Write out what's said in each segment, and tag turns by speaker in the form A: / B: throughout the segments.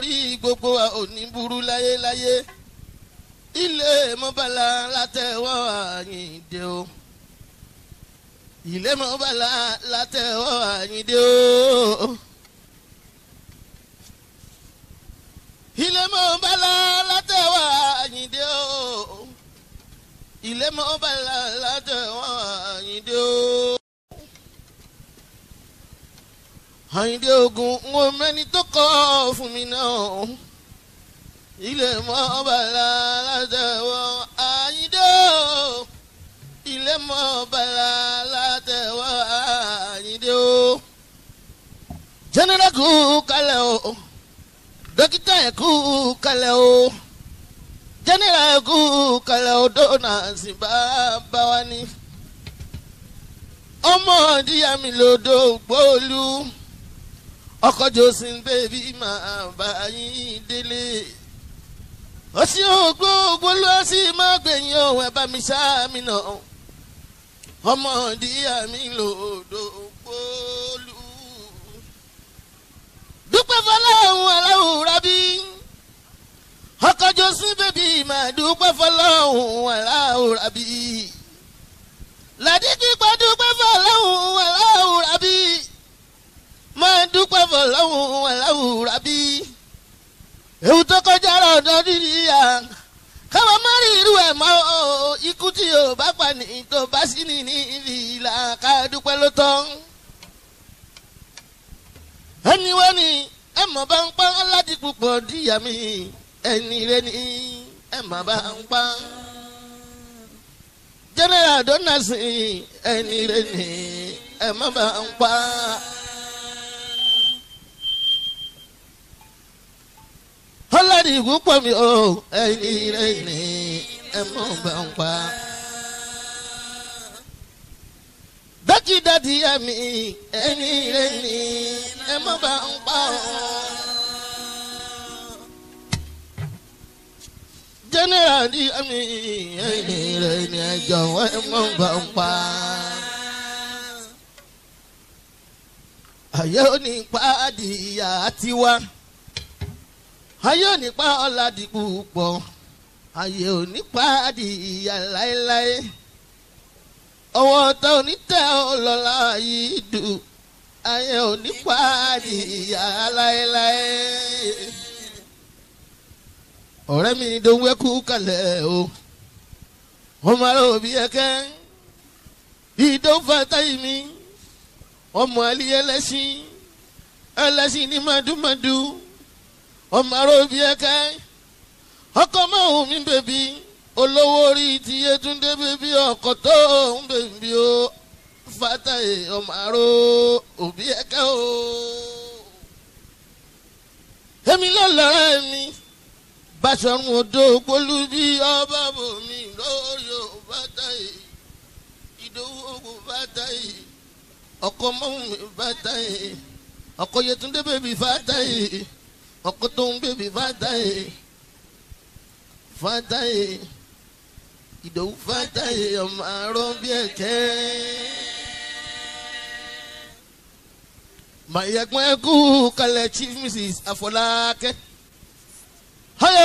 A: torí gbogbo wa ò ní burú láyéláyé ilé mọ́bàlá látẹ̀wọ́ Àyìndé o ilé mọ́bàlá látẹ̀wọ́ Àyìndé o. ilé mọ́bàlá látẹ̀wọ́ Àyìndé o ilé mọ́bàlá látẹ̀wọ́ Àyìndé o. àyíndé ogun ń wo mẹ́ni tó kọ́ fún mi náà ilé mọ́ bàlá látẹ̀wọ́ àyíndé o ilé mọ́ bàlá látẹ̀wọ́ àyíndé o jẹ́nẹ́rà kú kalẹ̀ o dókítà ẹ̀ kú kalẹ̀ o jẹ́nẹ́rà ẹ̀ kú kalẹ̀ o dóná sí bá bá wa ní ọmọ ìdíyàmí lòdò gbòòlù ọkọ josin bẹẹbi máa bá yín délé ó sì ń gbogbo lọ sí má gbẹ̀yìn ọ̀hún ẹ̀bá mi sáàmì náà ọmọdé àmì lòdò pólú. dúpẹ́ fọlọ́hún aláwọ̀ rábí ọkọ josin bẹẹbi máa dúpẹ́ fọlọ́hún aláwọ̀ rábí làdíjì pàdúpẹ́ fọlọ́hún aláwọ̀ rábí máa dúpẹ́ fọlọ́hún aláwùrà bí ewu tó kọjá ọ̀dọ́ níyà káwọn má rí irú ẹ̀ mọ́ o ikú tí o bá pa ní tó bá sí ní ní ibi ìlà ká dúpẹ́ ló tán. ẹni wọ́n ní ẹ mọ̀ bá ń pa aládìí púpọ̀ díyà mi ẹni rẹ̀ ní ẹ mọ̀ bá ń pa. general donaldson ẹni rẹ̀ ní ẹ mọ̀ bá ń pa. kọ́lẹ́rì ìgúnpọ̀ mi ò ẹni rẹ̀ ni ẹ mọ̀ bá ń pa. dájídájí ẹ̀mí ẹni rẹ̀ ni ẹ mọ̀ bá ń pa ọ́. jẹ́nẹ́rà ní ẹ̀mí ẹni rẹ̀ ni ẹ jọ̀wọ́ ẹ mọ̀ bá ń pa. àyẹ̀wò ní pàdé ìyá tiwa ayé ò ní pa ọ̀la di púpọ̀ ayé ò ní pa di ìyá láéláé ọwọ́ ọ̀tá onítẹ̀ ọlọ́lá yìí dùn ayé ò ní pa di ìyá láéláé. ọ̀rẹ́ mi dohun ẹkú kalẹ̀ o ọmọ ará òbí ẹkẹ́ ìdófà táyì mi ọmọ àlìyé ẹlẹ́sìn ẹlẹ́sìn ní màdúmàdù ọmọọrọ bí ẹkẹ ọkọ mẹ́hùn mi bèbí olówó rí ti Yétúndé bèbí ọkọ tó ń bèbí o Fatayi ọmọọrọ òbí ẹkẹ o. èmi ló lọ́rẹ́ mi Báṣọ̀run Odò Ògbólú bí ọba bò mí lórí o Fatayi Ìdòwú ògùn Fatayi ọkọ mọ́hùn mi Fatayi ọkọ Yétúndé bèbí Fatayi ọ̀kọ́tún bèbí fàtáyé fàtáyé ìdòwú fàtáyé ọmọ àárọ̀ bí ẹ̀kẹ́. màyẹ̀gbọ́n ẹ̀kú kalẹ̀ chief mrs Afolake.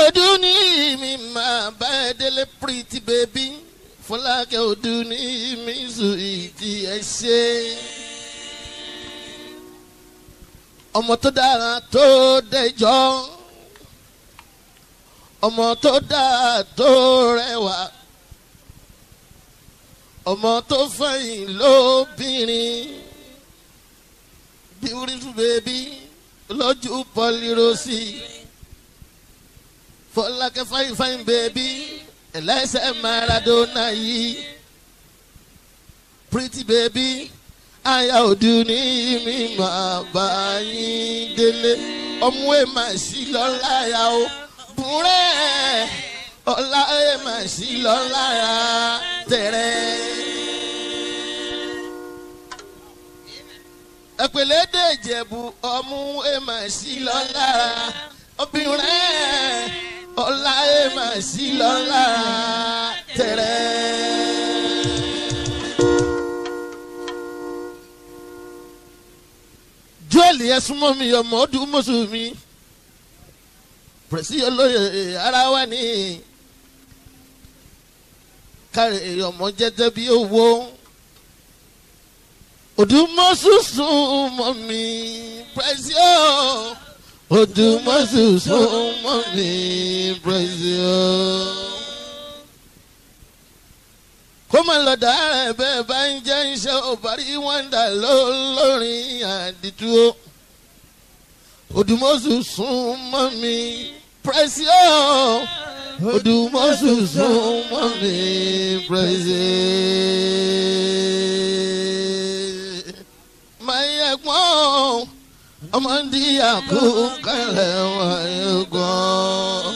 A: ọdún ní mi máa bá ẹ délé pretty baby Fọlákẹ́ ọdún ní mi sùn ìdí ẹ ṣe ọmọ tó dára tó dẹjọ́ ọmọ tó dára tó rẹwà ọmọ tó fẹ̀yìn lóbìnrin beautiful baby lójú pọlirosi fọlákẹ́ fine fine baby ẹlẹ́sẹ̀ Maradona yìí pretty baby aya òdu ní mi máa bá yín délé ọmú ẹ̀ máa sí lọ́láyà o búrẹ́ ọlá ẹ̀ máa sí lọ́láyà tẹ̀rẹ́. ẹ̀pẹ̀lẹ́ dé ìjẹ̀bù ọmú ẹ̀ máa sí lọ́láyà obìnrin ọlá ẹ̀ máa sí lọ́láyà tẹ̀rẹ́. samuel yẹn súnmọ́ mi ọmọ ọdún mọ́sù mi pẹ̀sí olóyè ara wa ní káre ọmọ jẹ́jẹ́ bí owó odùmọ̀sù súnmọ́ mi pẹ̀sí o odùmọ̀sù súnmọ́ mi pẹ̀sí o kó máa lọ dára ẹ̀bẹ̀ bá ń jẹ́ iṣẹ́ òbárí wọ́ndà lórin àdìtú o. Òdùmọ̀sù sún mọ́ mi Precious Òdùmọ̀sù sún mọ́ mi Precious. Máa yẹ gbọ́n ọmọdé àkókò rẹ̀ wáyé gan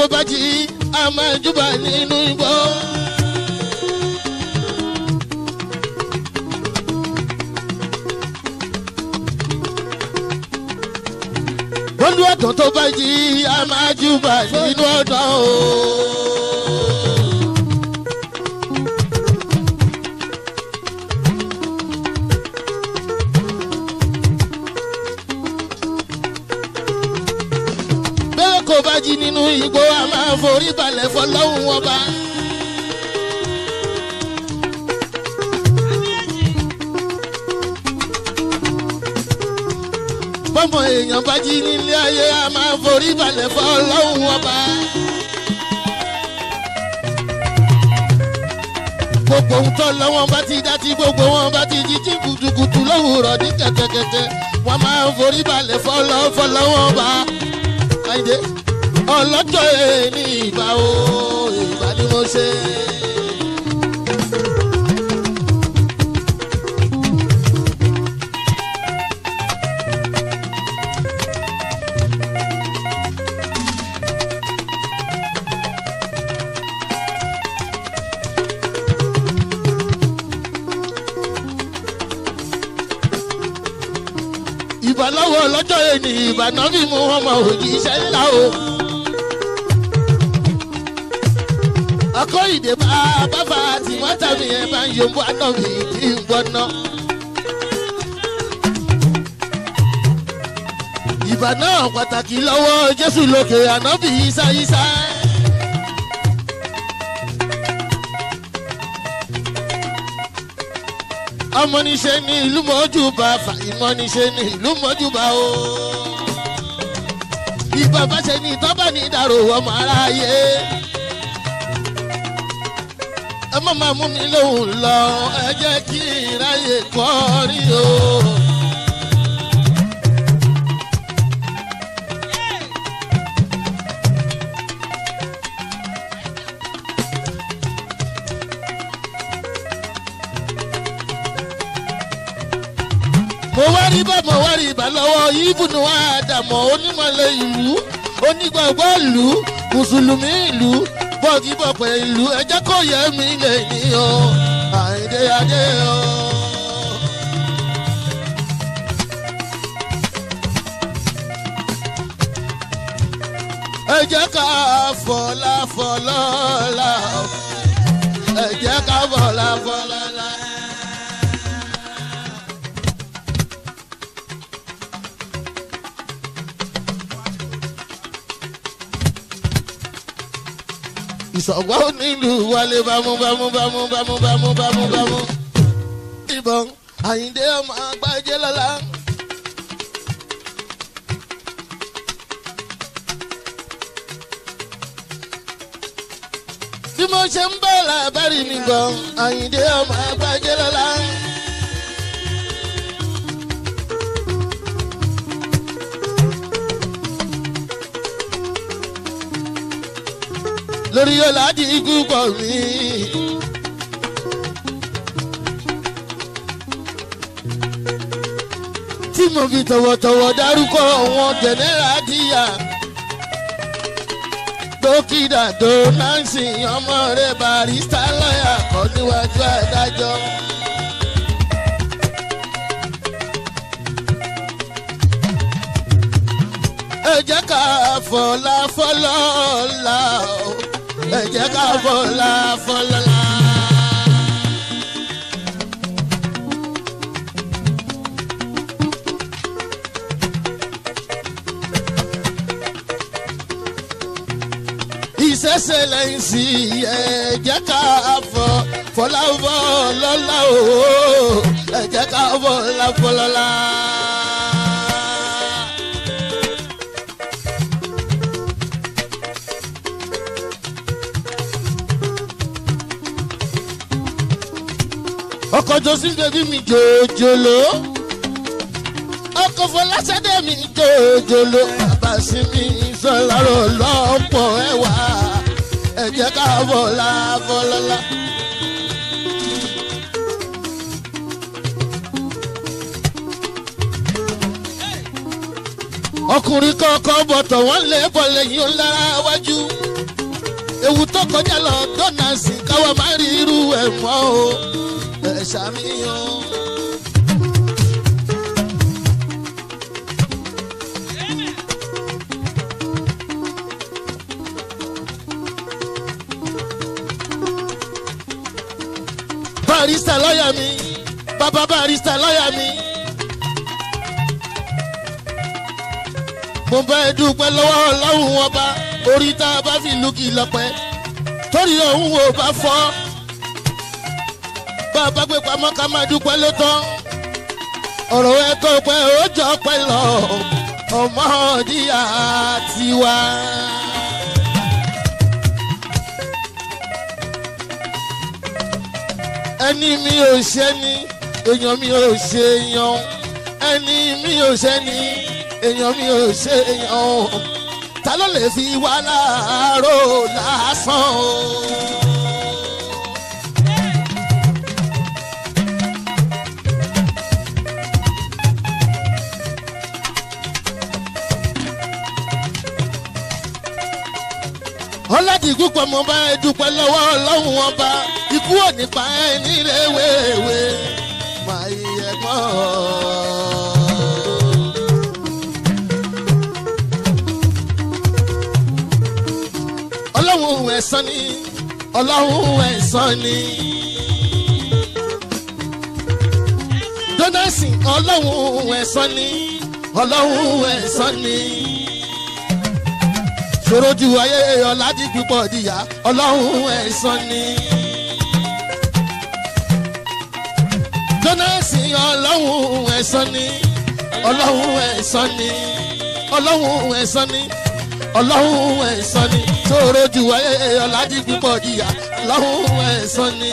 A: bó bá jí a máa júbà nínú igbó. olú ọ̀dọ́ tó bá jí a máa júbà nínú ọ̀dọ́ o. nínú igbó a máa forí balẹ̀ fọlọ́hún ọba. bọ́mọ èèyàn bá jí nílé ayé a máa forí balẹ̀ fọlọ́hún ọba. gbogbo ń tọ́ lọ́wọ́ bá ti dá tí gbogbo wọn bá ti jí jí kùtùkùtù lówùrọ̀ ní kẹ̀kẹ̀kẹ̀kẹ̀ wọ́n máa forí balẹ̀ fọlọ́fọlọ́wọ́ bá. Ayde ọlọ́jọ́ ẹni ìbá o ìbá ni mo ṣe. ìbálọ́wọ́ ọlọ́jọ́ ẹni ìbànú bí mo wọ́n mọ̀ òjì iṣẹ́ ńlá o. akóyìnbó bàbá tí wọ́n tàbí yẹn bá ń yọ bọ́ àná mi kí n bọ́ ná. ìbà náà pàtàkì lọ́wọ́ Jésù lókè ànábì Ìsá Ìsá. ọmọníṣe ní ìlú mọ́júbà fàìmọ́níṣe ní ìlú mọ́júbà o. ìbà ṣe ní tọ́ba ní ìdàrú ọmọ aráyé ẹ má máa mú mi lóhùn lọ ẹ jẹ́ kí ìráyè kọ́ rí o. mo wá rí bá mo wá rí bá lọ́wọ́ ibùdó àdàmọ̀ onímọ̀lẹ́ ìlú onígbàgbọ́ ìlú mùsùlùmí ìlú bọ́ọ̀gì bọ̀ pẹ̀lú ẹjẹ́ kò yẹ mí lè ní o Àyìndé adé o. ẹ jẹ́ ká fọlá fọlọ́ọ̀la ẹ jẹ́ ká fọlá fọlọ́ọ̀la. sọ̀gbà onílù wálé bámúbámúbámúbámúbámúbámú. ìbọn àyíndé ọmọ agbájé lọ́la. bí mo ṣe ń bá làbárí mi gan àyíndé ọmọ agbájé lọ́la. torí ọ̀làjì ikú kọ̀ mí. tí mo fi tọ̀wọ̀tọ̀wọ̀ dárúkọ wọn jẹ̀nẹ́rà díyà dókítà tó náǹsì ọmọ rẹ̀ barista lọ́yà kọ́ níwájú adájọ́. ẹ jẹ́ ká fọlá fọlọ́ la ẹ jẹ́ ká fọlá fọlá. ìṣẹ̀ṣẹ̀ lẹ́yìn sí ẹ ká fọ fọlá fọlọ́lá o ẹ ká fọlá fọlọ́lá. ọkọ̀ josin bèbí mi jòjòló ọkọ̀ fọláṣadé mi jòjòló bàbá sí mi sọ̀lárò lọ́pọ̀ ẹ̀wà ẹ̀jẹ̀ káàbọ̀ láfọlọ́lá. ọkùnrin kọ́kọ́ bọ̀tọ̀ wọ́n lé bọ̀ lẹ́yìn ọ̀lára wájú ewu tó kọjá lọ dọ́nà sí káwa má rí irú ẹ̀ mọ́ o ṣàníyàn. barista lọ́yà mi bàbá barista lọ́yà mi. mo bá ẹ dúpẹ́ lọ́wọ́ ọlọ́run ọba orí tá a bá fi lùkì lọ́pẹ́ torí òun ò bá fọ́ bá a bá gbé pamọ́ ká máa dúpẹ́ létán ọ̀rọ̀ ẹ̀kọ́ pé ó jọ pẹ́ lọ ọmọ ìyá tiwa. ẹni mi ò ṣe ni èèyàn mi ò ṣe yan ẹni mi ò ṣe ni èèyàn mi ò ṣe yan ta ló lè fi wá láàárọ̀ lásán o. ọ̀làdìgún pọ̀ mo bá ẹ dúpẹ́ lọ́wọ́ ọlọ́run ọba ikú ò pa ẹ nílé wéèwé máa yẹ mọ́ ọ. ọlọ́run ẹ̀san ni ọlọ́run ẹ̀san ni. donasi ọlọ́run ẹ̀san ni ọlọ́run ẹ̀san ni soroju ayé ọ̀làdìjú pọ̀ jìyà ọlọ́run ẹ̀san ni. jọ́nẹ́sì ọlọ́run ẹ̀san ni ọlọ́run ẹ̀san ni ọlọ́run ẹ̀san ni ọlọ́run ẹ̀san ni soroju ayé ọ̀làdìjú pọ̀ jìyà ọlọ́run ẹ̀san ni.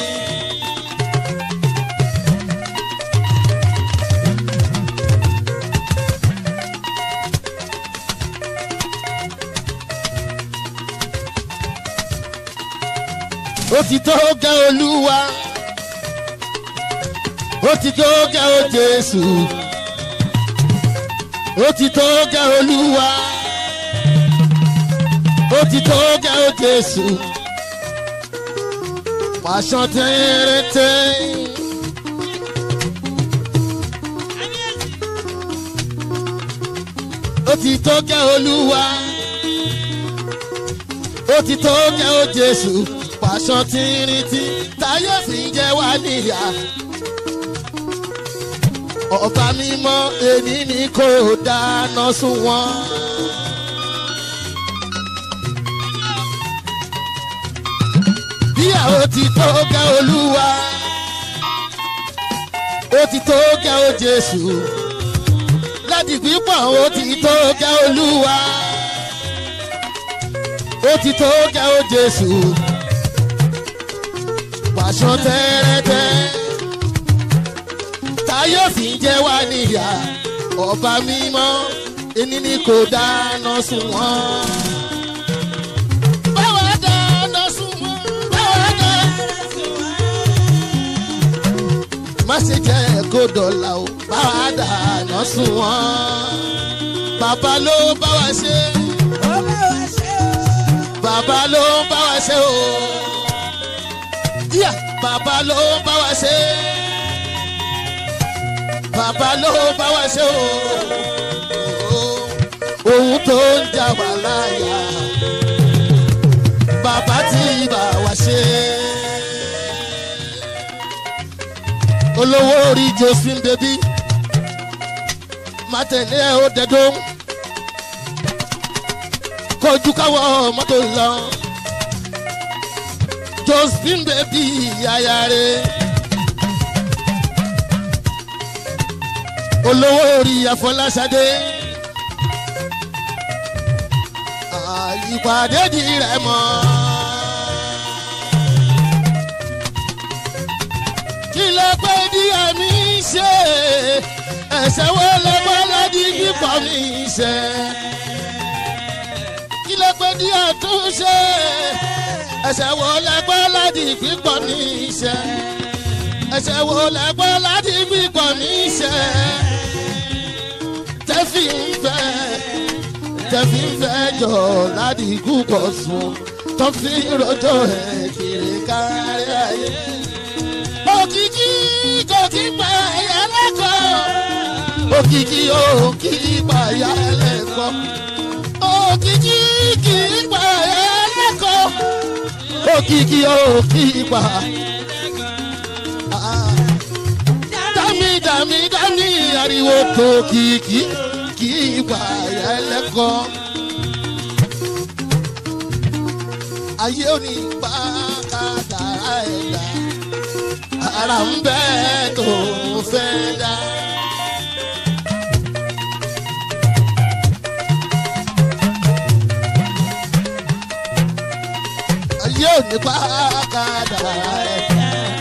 A: ó ti tó gẹ́ olúwa ó ti tó gẹ́ o jésù ó ti tó gẹ́ olúwa ó ti tó gẹ́ o jésù pàṣán tẹ́rẹ́tẹ́. ó ti tó gẹ́ olúwa ó ti tó gẹ́ o jésù ṣàn tìrìtì táyé sì ń jẹ wá níyà. ọba mímọ́ èmi ni kò dáná sún wọn. bíyà ó ti tó gẹ́ olúwa ó ti tó gẹ́ ó jésù láti pípọ̀ ó ti tó gẹ́ olúwa ó ti tó gẹ́ ó jésù aṣọ tẹ́rẹ́tẹ́ táyọ̀ sì ń jẹ́ wá níyà ọba mímọ́ ẹni ni kò dáná sun wọ́n. báwa dáná sun wọ́n. báwa dáná sun wọ́n. má ṣe jẹ́ kó dọ̀là o dáná sun wọ́n. bàbá ló bá wa ṣe. ó bá wa ṣe o. bàbá ló bá wa ṣe o bàbá ló ń bá wa ṣe bàbá ló ń bá wa ṣe o ohun tó ń jà wá láyà bàbá tí bá wa ṣe. olówó orí josephine bèbí má tẹ̀lé ó dẹ́dọ́ kojú káwọ́ mọ́tò lọ. Justin baby ayare. olówó orí Afọláṣadé. àyípadé di rẹ̀ mọ́. kí ló pé díẹ̀ mi ṣe ẹ̀sẹ̀ wo lọ́wọ́ lọ́dí kíkọ́ mi ṣe kí ló pé díẹ̀ tún ẹ̀ṣẹ̀ wo lẹ́gbẹ́ láti gbígbọ́ ní iṣẹ́ ẹ̀ṣẹ̀ wo lẹ́gbẹ́ láti gbígbọ́ ní iṣẹ́ tẹ́fì ń fẹ́ tẹ́fì ń fẹ́ jọ láti gbúgbọ́ sùn tọ́fì rọjò ẹ̀ kiri kárí ayé òkìkí kò kí pa ẹ̀yà lẹ́kọ̀ọ́ òkìkí ò kí pa ẹ̀yà lẹ́kọ̀ọ́ òkìkí kì pa ẹ̀yà òkìkí o ipa. Dami dami dami ariwo kò kìkì kì ipa ẹ̀yà ẹlẹ́kọ̀ọ́. Ayé òní pa kàkàrà ẹ̀dá. Ara ń bẹ́ẹ̀ tó fẹ́ dá. ò ní pàkàdà ẹ̀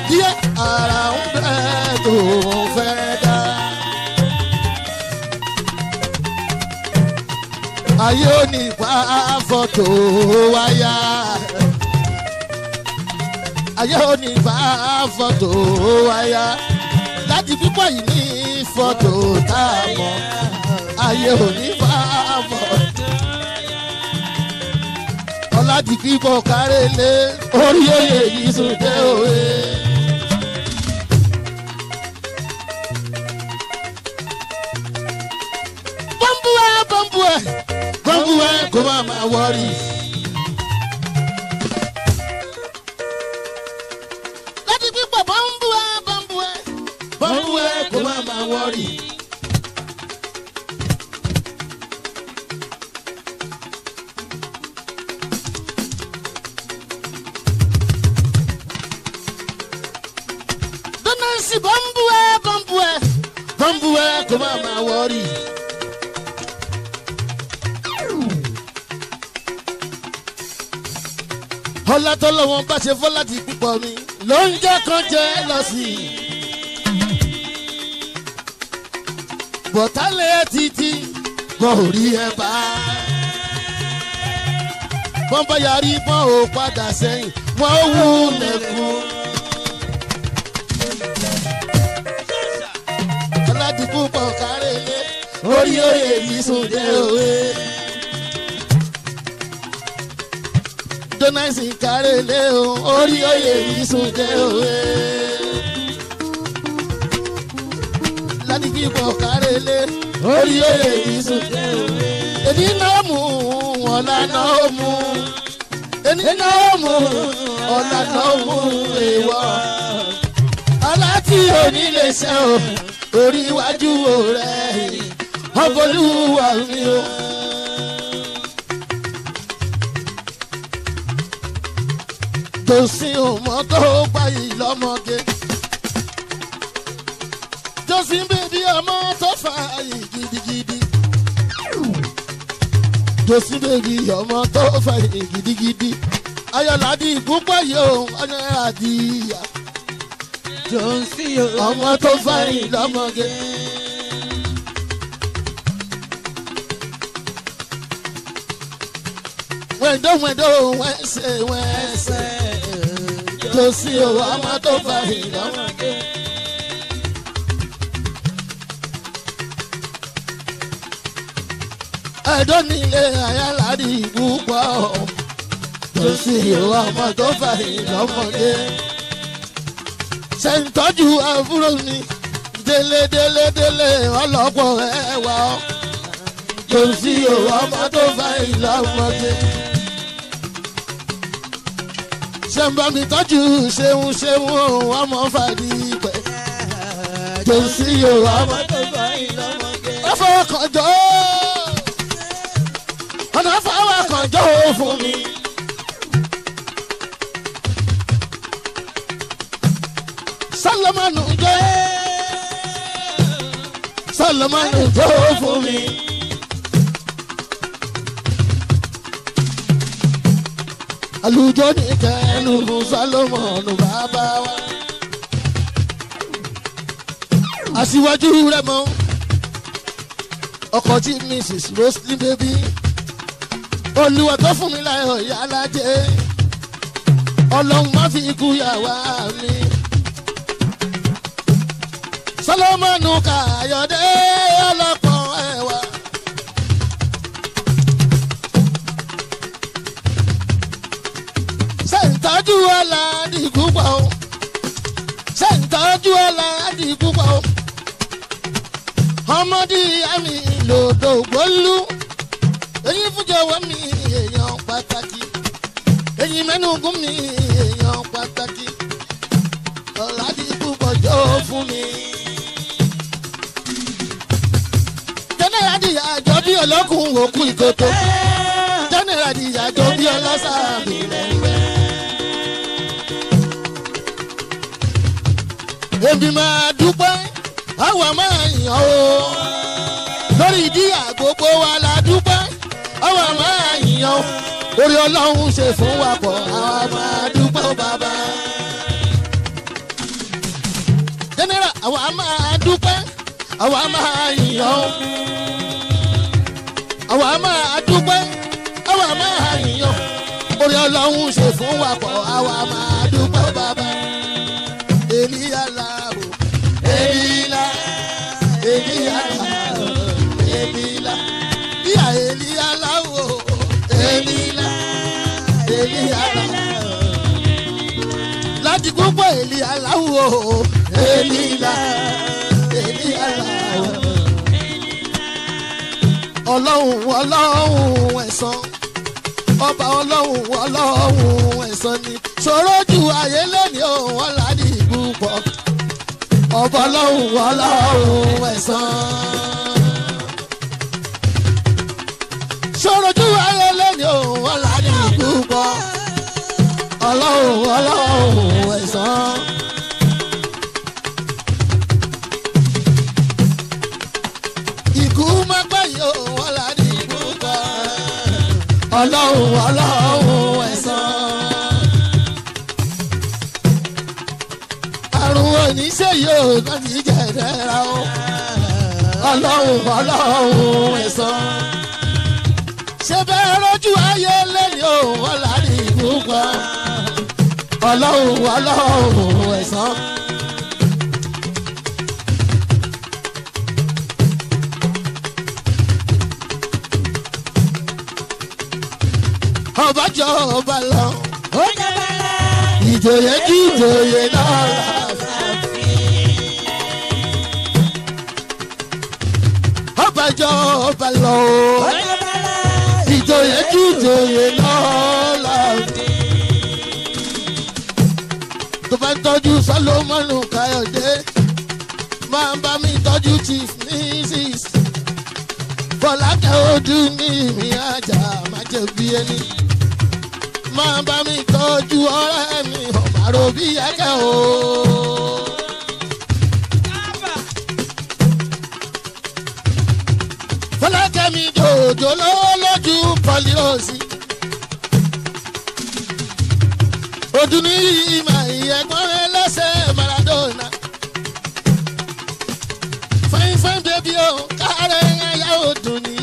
A: díẹ̀ ara ń bẹ̀ tó fẹ́ dá. ayé ò ní pàfọ́tò wáyà ayé ò ní pàfọ́tò wáyà láti pípọ̀ yìí ní fọ́tò tá ayé ò ní pàfọ́tò láti kíkọ́ kárẹ́lé orí oyè yìí sùn jẹ́ òwe. bọ́m̀bù ẹ̀ bọ́m̀bù ẹ̀ bọ́m̀bù ẹ̀ kó má máa wọ́rí. ọlá tọ́lọ́wọ́n bá ṣe fọ́ láti púpọ̀ mi ló ń jẹ́ kan jẹ́ lọ sí i. bọ̀tálẹ̀ títí wọn ò rí ẹ bá. wọ́n bá yarí wọn ò padà sẹ́yìn wọ́n wú lẹ́kùn. aládìpọ̀ kárẹ̀ lé orí òye mi sùn dé òwe. Adonais ìkárelé o orí oyè ìsúnjẹ òwe. Oh, eh. Ládìjì bọ̀ kárelé orí oyè ìsúnjẹ òwe. Oh, eh. Èdè náà mú ọ̀la náà mú èmi náà mú ọ̀la náà mú ìwọ. Aláti òní lè ṣe o oh, orí iwájú rẹ̀ ọbọ̀lúwa mi o. Jòsìn ò mọ̀ tó gbà yìí lọ́mọge. Jòsìn bèbí ọmọ tó fà yìí gidigidi. Jòsìn bèbí ọmọ tó fà yìí gidigidi. Ayọ̀ládì púpọ̀ yóò ọ̀nà àdìyà. Jòsìn ò ọmọ tó fà yìí lọ́mọge. wẹ́ndọ́ wẹ́ndọ́ wẹ́sẹ̀ wẹ́sẹ̀ lọ sí ọwọ́ a máa tó fa ìdáwọ́ adé. ẹjọ́ nílé ayálàrí púpọ̀ lọ sí ọwọ́ a máa tó fa ìdáwọ́ adé. ṣèǹtọ́jú àbúrò mi délé délé délé ọlọ́pọ̀ ẹ̀wà ọ́ lọ sí ọwọ́ a máa tó fa ìdáwọ́ adé ṣe ń bá mi tọ́jú ṣeun ṣeun òun ọmọ fàdí pẹ́. Jòsí yóò ọmọ tó bá yín lọ́mọdé. Ó fọwọ́ kàn jọ ó. Ọ̀nà fọwọ́ kàn jọ fún mi. Sálọ́mọ́nù jẹ́. Sálọ́mọ́nù jọ fún mi. àlùjọ ní kẹnu sálọmọnù bàbá wa. aṣíwájú rẹ̀ mọ́ ọkọ tí mrs roslyn baby olúwa tó fún mi láyọ̀ ìyá alájẹ ọlọ́run má fi ikú yà wá mi. sálọmọnù kàyọ̀dé ọlọ́pàá. tọ́jú aláàdì púpọ̀ o ṣé ń tọ́jú aláàdì púpọ̀ o ọmọdé àmì lòdò gbólú ẹ̀yin fújọwọ́ mi èèyàn pàtàkì ẹ̀yin mẹ́nugún mi èèyàn pàtàkì ọ̀làdì púpọ̀ jọ fún mi. jẹ́nẹ́rà dìyà àjọ bí ọlọ́kùn òkú ìkòtò jẹ́nẹ́rà dìyà àjọ bí ọlọ́sàbí èmi máa dúpẹ́ àwa máa yàn o lórí ìdí àgbogbo wa la dúpẹ́ àwa máa yàn o orí ọlọ́run ṣe fún wa pọ̀ àwa máa dúpẹ́ o bàbá. jẹ́nẹ́rà àwa máa dúpẹ́ àwa máa yàn o àwa máa dúpẹ́ àwa máa yàn orí ọlọ́run ṣe fún wa pọ̀ àwa máa dúpẹ́ o bàbá. púpọ̀ èlì aláwọ̀ èlì ìlà èlì aláwọ̀. ọlọ́run ọlọ́run ẹ̀san ọba ọlọ́run ọlọ́run ẹ̀san ni ṣòro ju ayé lónìí òun ọ̀la ní ìgbùpọ̀ ọba ọlọ́run ọlọ́run ẹ̀san. ṣòro ju ayé lónìí òun ọ̀la ọlọ́run ọlọ́run ẹ̀san. ikú má gbẹ̀yìn òun ọ̀la ní ikú kan. ọlọ́run ọlọ́run ẹ̀san. àrùn oníṣẹ́yìí òun náà ti jẹ́ ìdẹ́ra o. ọlọ́run ọlọ́run ẹ̀san. ṣé bẹ́ẹ̀ rọ́jú ayé lẹ́yìn òun ọ̀la ní ikú ọlọ́run ọlọ́run ẹ̀san. ọbàjọ́ ọba lọ. ó jẹ́ bàlá. ìjòyè kí ìjòyè náà rà. ọbàjọ́ ọba lọ. ó jẹ́ bàlá. ìjòyè kí ìjòyè náà. tó bá ń tọ́jú Solomon Káyọ̀dé máa bá mi tọ́jú chief mrs Fọlákẹ́ ojú ní mi ajá má jẹ́ bí ẹni máa bá mi tọ́jú ọ̀rẹ́ mi ọ̀màrò bí ẹ̀kẹ́ o. Fọlákẹ́ mi jòjò lọ́wọ́ lójú pọ́líọ̀sì. ojú ní ìmọ̀ ìyẹ̀gbọ́n ẹlẹ́sẹ̀ Maradona. fine fine baby o oh, káàárẹ̀ ayá òdùn ní.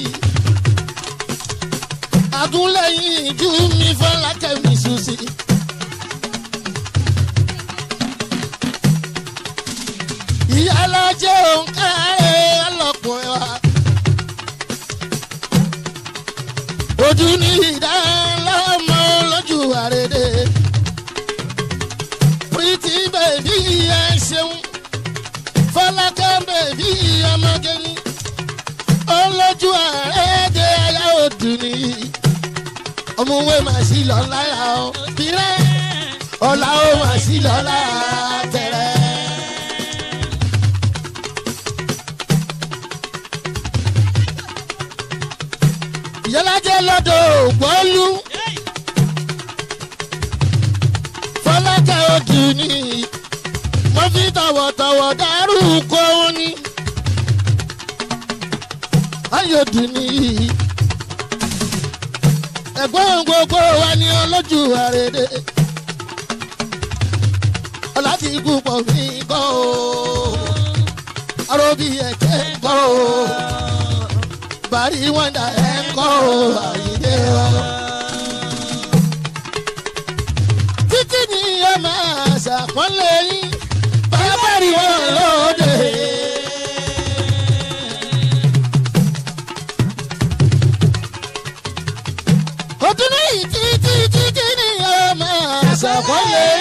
A: agúnlẹ̀yìn ìjú mi fọlákẹ́ mi sùn sí. ìyá alájẹ́ òun káàárẹ̀ ọlọ́kùnrin wa. ojú ní ìdá lójú àrèdè. bèbí ọmọkiri olójú àrẹ́dẹ́ ayá òdù ni ọmọwé mà sí lọ láyà ó bírẹ́ ọ̀là ó mà sí lọ láyà tẹ̀rẹ́. yẹlájẹ lọdọ ògbọ́lú fọlákẹ́ òdù ni tọ̀wọ̀tọ̀wọ̀ dárú kó ní. ayọ̀dún nìyí ẹ̀gbọ́n gbogbo wa ni olójú àrèdè ọ̀làtí ikú pọ̀ mí kọ́ o aróbí ẹ̀jẹ̀ kọ́ o bàrí wọ́ndà ẹ̀ kọ́ o àyíké o. títí ni ẹ máa ṣàpọ́nlé yín rí wọn lóde. òtún ní ìtí títí kí ni ọmọ àṣà kọ́lé.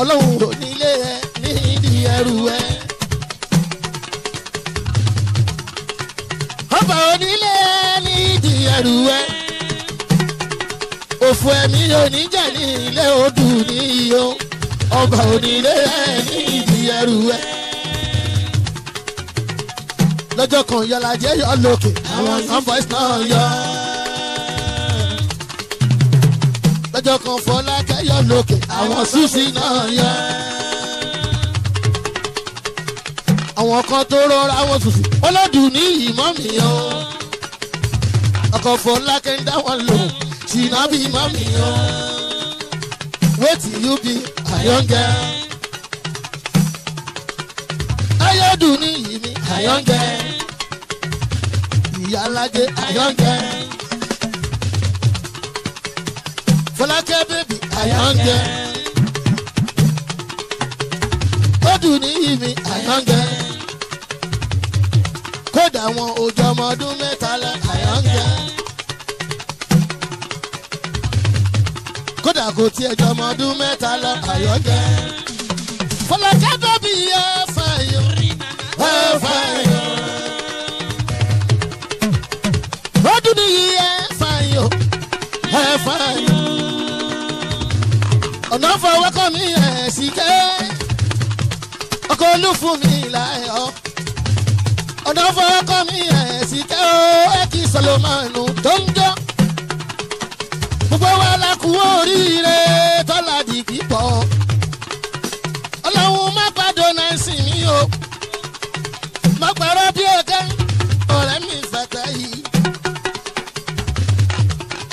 A: ọlọ́run ò nílé ẹ nídìí ẹrù ẹ. ọba ò nílé ẹ nídìí ẹrù ẹ. òfò ẹ̀mí oníjà ní ilé odù ní iyo ọba ò nílé ẹ nídìí ẹrù ẹ. lọ́jọ́ kan yọlá jẹ́ yọ lókè àwọn sound boys náà yọ. jọkàn fọlákẹ́yọ̀ lókè àwọn ṣùṣì náà yẹ. àwọn kan tó rọra wọn ṣùṣì ọlọ́dún ní ìmọ̀ mi o. ọkọ̀ fọlákẹ́ ń dá wọn lò ṣìnà bí ìmọ̀ mi wetin you be àyọ̀ǹgẹ̀. ayọ̀dún ní ìmí àyọ̀ǹgẹ̀. ìyálàjẹ àyọ̀ǹgẹ̀. fọlákẹ́ bèbí àyà ń jẹ ó dùn níyì mi àyà ń jẹ kódà wọn ò jọ ọmọ ọdún mẹ́ta lẹ àyà ń jẹ kódà kò tiẹ̀ jọ ọmọ ọdún mẹ́ta lẹ àyà ń fọlákẹ́ bèbí ẹ fà yọ ẹ fà yọ. ọ̀nà fọwọ́ kọ́ mi ẹ̀ sí kẹ́ ọkọ olúfún mi là ẹ̀ ọ́ ọ̀nà fọwọ́ kọ́ mi ẹ̀ sí kẹ́ ó ẹ̀ kí Solomonu tó ń jọ́ gbogbo wa la kú oríire tọ́lá di pípọ̀ ọlọ́run má pàdó náà sì mí o má pàrọ̀ bí ọ̀gá ọ̀rẹ́ mi fẹ̀tẹ̀ yìí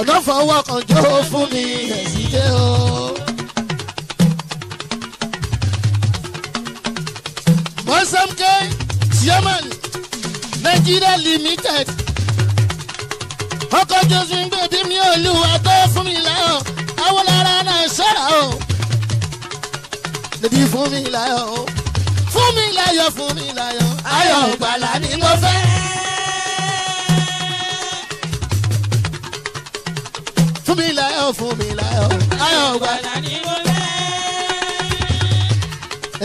A: ọ̀nà fọwọ́ kan fún mi ẹ̀ sí kẹ́ ọ́. smk Yemen. nigeria limited ọkọ̀ jésù ń gbèdé mi olúwa tó fún mi láyọ̀ awọ́lára náà ṣọ́ra o lèbi fún mi láyọ̀ o fún mi láyọ̀ fún mi láyọ̀ ayọ̀ ògbàlà ni mo fẹ́. fún mi láyọ̀ fún mi láyọ̀ ayọ̀ ògbàlà ni mo fẹ́.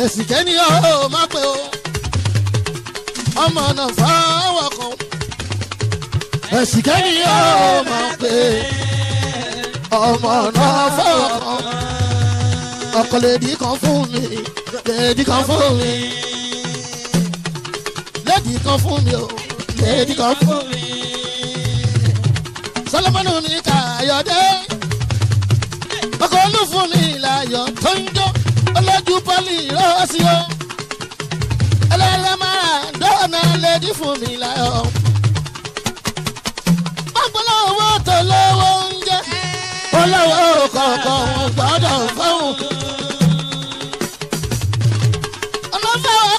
A: èsì kẹ́ni ọ̀ máa pẹ́ o ọmọ náà fáwọn kan ẹ̀sìnkẹ́ni yóò máa pè ọmọ náà fáwọn kan ọkọ lèdí kan fún mi lèdí kan fún mi lèdí kan fún mi o lèdí kan fún mi Solomoni ní Káyọ̀dé ọkọ olúfun ní ìlàyọ̀ tó ń jó olójú pọ́lì rọ́ọ̀sì o ẹlẹ́lẹ́ máa lè dín fún mi láyọ̀. Bọ́gbọ́lá owó tó lówó ń jẹ́. Olówó kọ̀ọ̀kan wọn gbọ́dọ̀ fọ́hùn. Ọlọ́fẹ́ ọkàn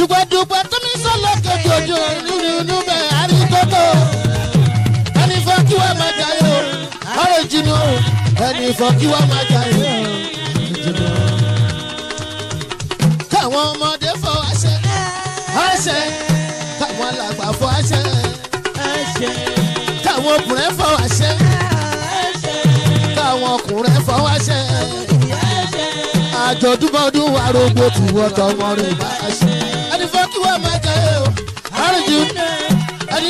A: dùgbẹ̀dùgbẹ̀ tó mi sọ lókè jòjò nínú inú bẹ̀ àríkótó ẹni fọ́ kí jayé o ọ̀rọ̀ ìjìnà o ẹni fọ́ kí wọ́n máa jayé o. káwọn ọmọdé fọ àṣẹ àṣẹ káwọn alàgbà fọ àṣẹ káwọn obìnrin fọ àṣẹ káwọn ọkùnrin fọ àṣẹ àjọ̀dún bọ́dún wa rògbò tí wọ́n tọmọ rẹ̀ bá ṣe.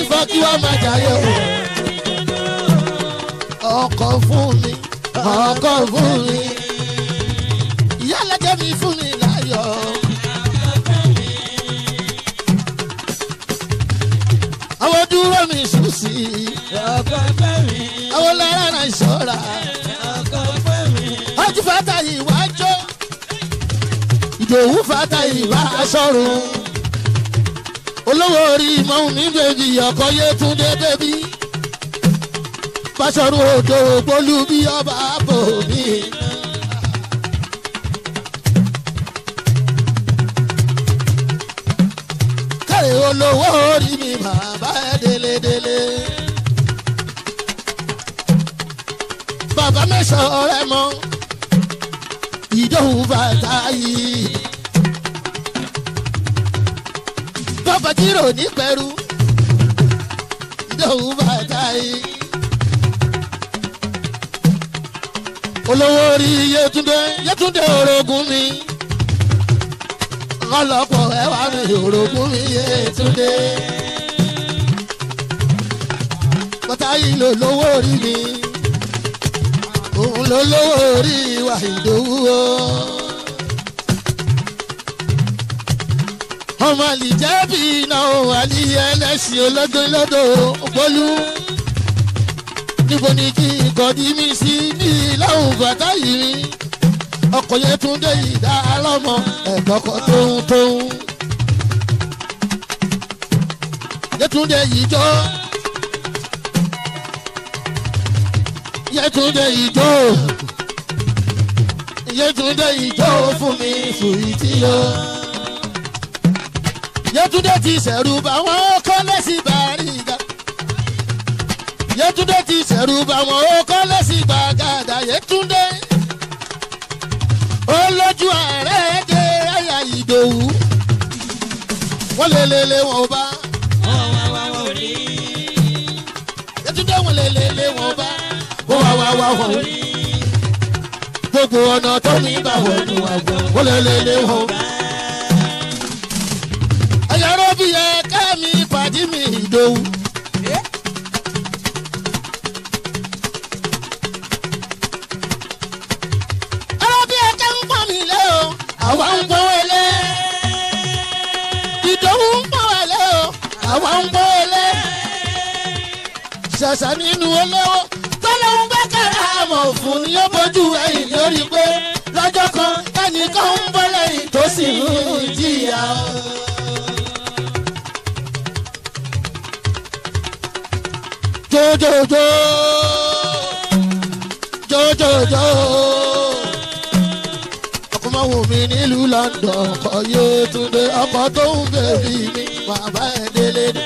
A: fífọ́ kí wọ́n máa jayé o. ọkọ fún mi ọkọ fún mi ìyálẹ́jẹ́ mi fún mi láyọ̀. àwọn dúró mi sùn sí i. ọkọ fẹ́ mi. àwọn lára náà ìṣọ́ra. ọkọ fẹ́ mi. ọjọ́ fàtà ìwájọ́. ìdòwú fàtà ìwà aṣọ́run olówó orí mọ́hún ní bèbí ọkọ̀ Yétúndé bèbí Báṣọ̀rù Òjó Ògbólú bí ọba àbò mi. káre olówó orí mi bàbá ẹ délédélé. bàbá mẹ́sàn-án ọ̀rẹ́ mọ́ ìdóhùn bàtà yìí. tírò ní pẹ̀rú ìdòwú bàtà yìí. olówó orí Yétúndé Yétúndé orogún mi ọlọ́pọ̀ ẹwà mi orogún mi Yétúndé. bàtà yìí lò lówó orí mi òun lò lówó orí wa Ìdòwú o. ọmọ àlìjẹ́bì iná òun àlì ẹlẹ́sìn ológun lọ́dọ̀ òpólú níbo ni kí ìkọ̀dí mi sí ní ìlàhùn bàtà yìí mi ọkọ̀ yẹn tún dé ìdá alọ́mọ ẹ̀kọ́kọ́ tóun tóun yẹtúndé ìjọ yẹtúndé ìjọ yẹtúndé ìjọ fún mi sùn ìtìyọ. Yétúndé ti ṣẹ̀rù bá wọn ó kọ́lé sí Bàrígà. Yétúndé ti ṣẹ̀rù bá wọn ó kọ́lé sí Gbàgàdà Yétúndé. Ó lójú ààrẹ jẹ́ àyà Ìdòwú. Wọ́n lè lè lè wọ́n bá. Wọ́n wá wá wọ́n rí. Yétúndé wọ́n lè lè lè wọ́n bá. Wọ́n wá wá wá wọ́n rí. Gbogbo ọ̀nà tó ní bá wọn ni wà gbọ́. Wọ́n lè lè lè wọ́n bá. alhaji mi ìdòwú. Eh? ọ̀rọ̀ bí ẹ̀ka ń pọ̀ mí lé o àwa ń pọ̀ wẹ̀lẹ́. ìdòwú ń pọ̀ wẹ̀lẹ́ o àwa ń pọ̀ wẹ̀lẹ́. ṣẹ̀ṣẹ̀ nínú olówó tọ́lọ́hún bá kàrà àmọ̀ òfun ni ó bójú ẹ̀yìn lórí London ọkọ Yétúndé ọkọ tó ń bèbí mi bàbá ẹ̀ délé ni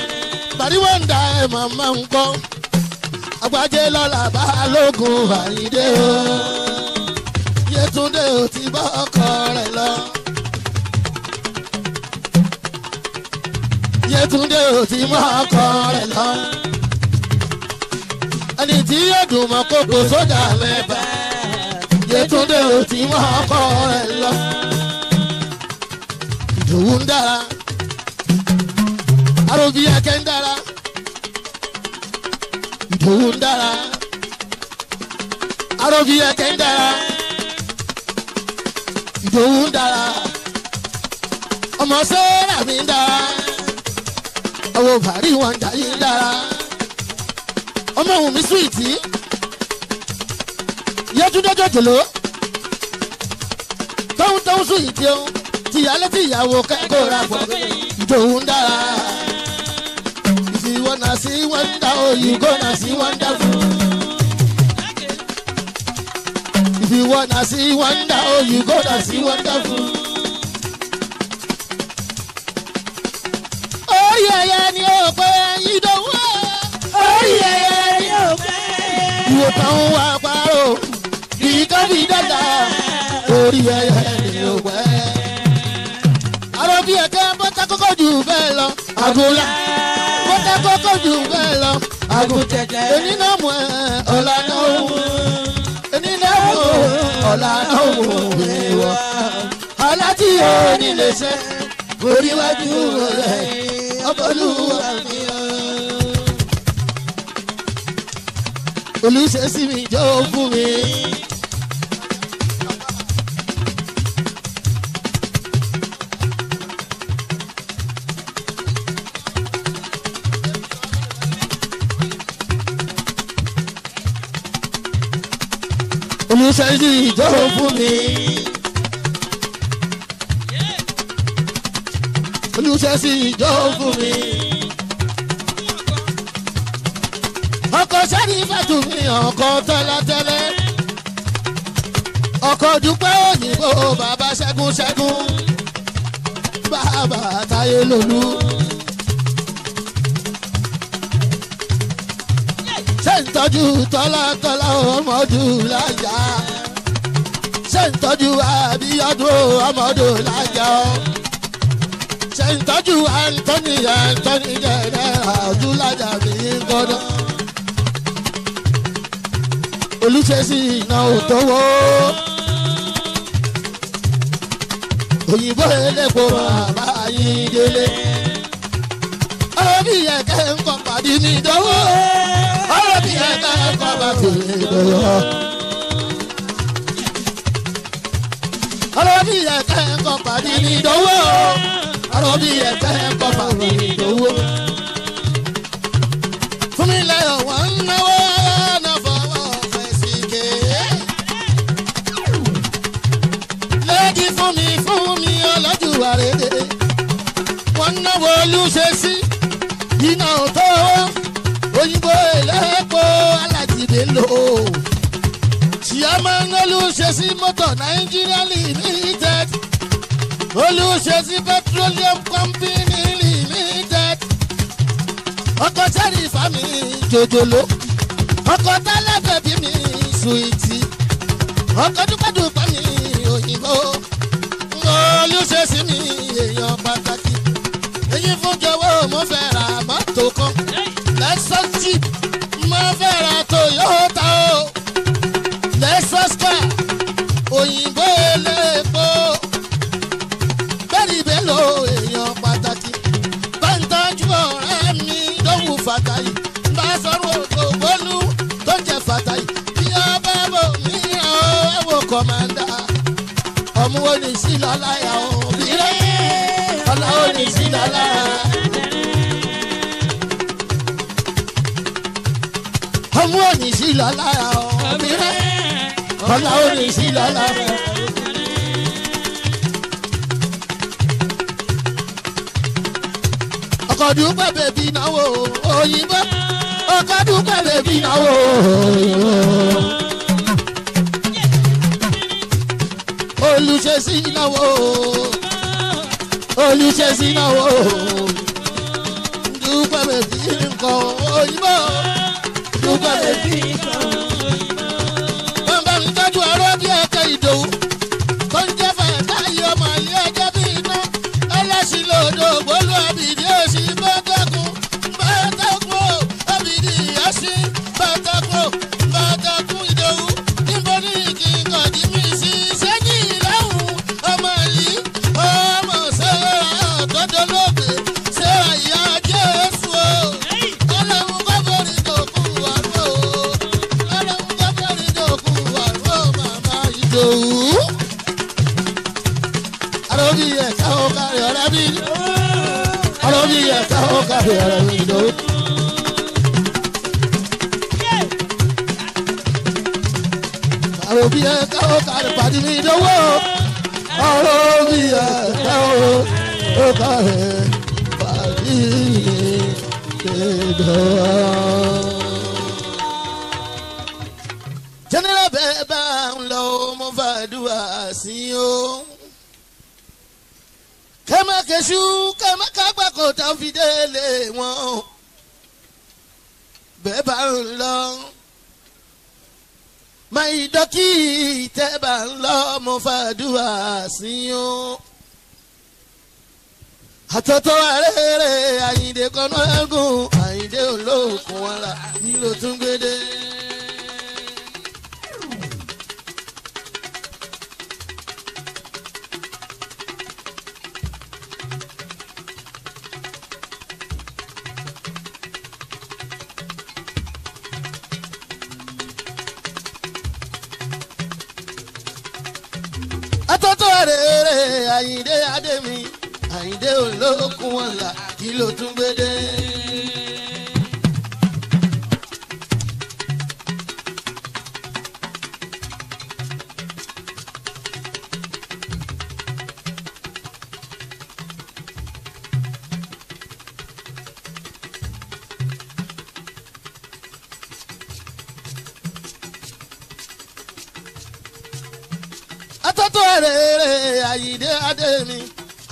A: bàdíwọ̀ ń da ẹ̀ màmá ń kọ́ àgbájé lọ́la balógun àyíndé o Yétúndé ò ti bá ọkọ rẹ̀ lọ. Yétúndé ò ti mọ ọkọ rẹ̀ lọ. ẹni tí yóò dùn mọ́ kókó sójà mẹ́fà Yétúndé ò ti mọ ọkọ rẹ̀ lọ. Ìdòwú ń dára aróbí akẹ́ ń dára Ìdòwú ń dára aróbí akẹ́ ń dára Ìdòwú ń dára ọmọ sẹ́ẹ̀rà mi ń dára ọwọ́ bàrí wọn ń darí dára ọmọ òun mi súwìtì yẹtúndọ́jọ́ jòló tóun tóun súwìtì ọ̀hún tìyálé tìyàwó kẹ́kọ̀ọ́ra gbọ̀ngàn ìjòhún dára. If you wanna see wonder, oh you gonna see wonderful. If you wanna see wonder, oh you gonna see wonderful. Orí ẹ̀yẹ ni ó pé ìdòwú. Orí ẹ̀yẹ ni ó pé. Ìwò táwọn wà pààrọ̀. Ìkọ́bí dọ́gba. Orí ẹ̀yẹ ni ó pé bí ẹ̀kẹ́ bó ta kókó jù bẹ́ẹ̀ lọ. àgùlà bó ta kókó jù bẹ́ẹ̀ lọ. àgùtẹ̀tẹ̀ onínàmú ẹ̀ ọ̀là náà wò onínàmú ọ̀là náà wò wíwọ́. aláti òní lè ṣe oríwájú rẹ̀ ọbọ̀lúwà mi. olùṣèṣin mi jọ̀ọ́ fún mi. ṣẹ́jú ìjọ fún mi. olùṣẹ́ sí ìjọ fún mi. ọkọ̀ sẹ́ni fẹ́tù mi ọkọ̀ tẹ́lẹ̀tẹ́lẹ̀. ọkọ̀ dúpẹ́ òyìnbó bàbá ṣẹ́gun ṣẹ́gun. bàbá táyé lòlú. tọ́jú tọ́látọ́lá ọmọdù lájà ṣé ń tọ́jú àbíyọ́dún ọmọdù lájà ọ́ ṣé ń tọ́jú Anthony Anthony jẹ̀dẹ̀ ọdún lájà mi gbọ́dọ̀. olùṣèṣì iná òtówó òyìnbó elépo bàbá yín délé ó bí ẹ̀kẹ́ ń kọ́ pàdé ní ẹ̀ka ẹ̀kọ́ bá fi dòyọ́. Àròbí ẹ̀ka ẹ̀kọ́ pàdé ní ìdòwò. Àròbí ẹ̀ka pàdé ní ìdòwò. sí mọ́tò nàìjíríà limited olùṣèṣì petroleum company limited ọkọ̀ sẹ́rìfà mi jòjòló ọkọ̀ tálẹ́bẹ̀bí mi suwìtì ọkọ̀ dúpẹ́dúpẹ́ mi òyìnbó olùṣèṣì mi èèyàn pàtàkì èyí fún jọ̀wọ́ mo fẹ́. kọ́mọ́dá ọmú wo ní sí lọ́láyà òbí ọlá ó ní sí lọ́láyà. ọmú wo O sí lọ́láyà òbí ọlá ó ní sí lọ́láyà. ọkọ̀dún pẹ̀lẹ́ bí náwó òyìnbó ọkọ̀dún pẹ̀lẹ́ náwó òyìnbó. olùṣesí náwó olùṣesí náwó dúpẹ́ bèbí nǹkan òyìnbó dúpẹ́ bèbí nǹkan. rèrè àyíndé adémi àyíndé olókùn ọ̀la kí ló tún gbé dé.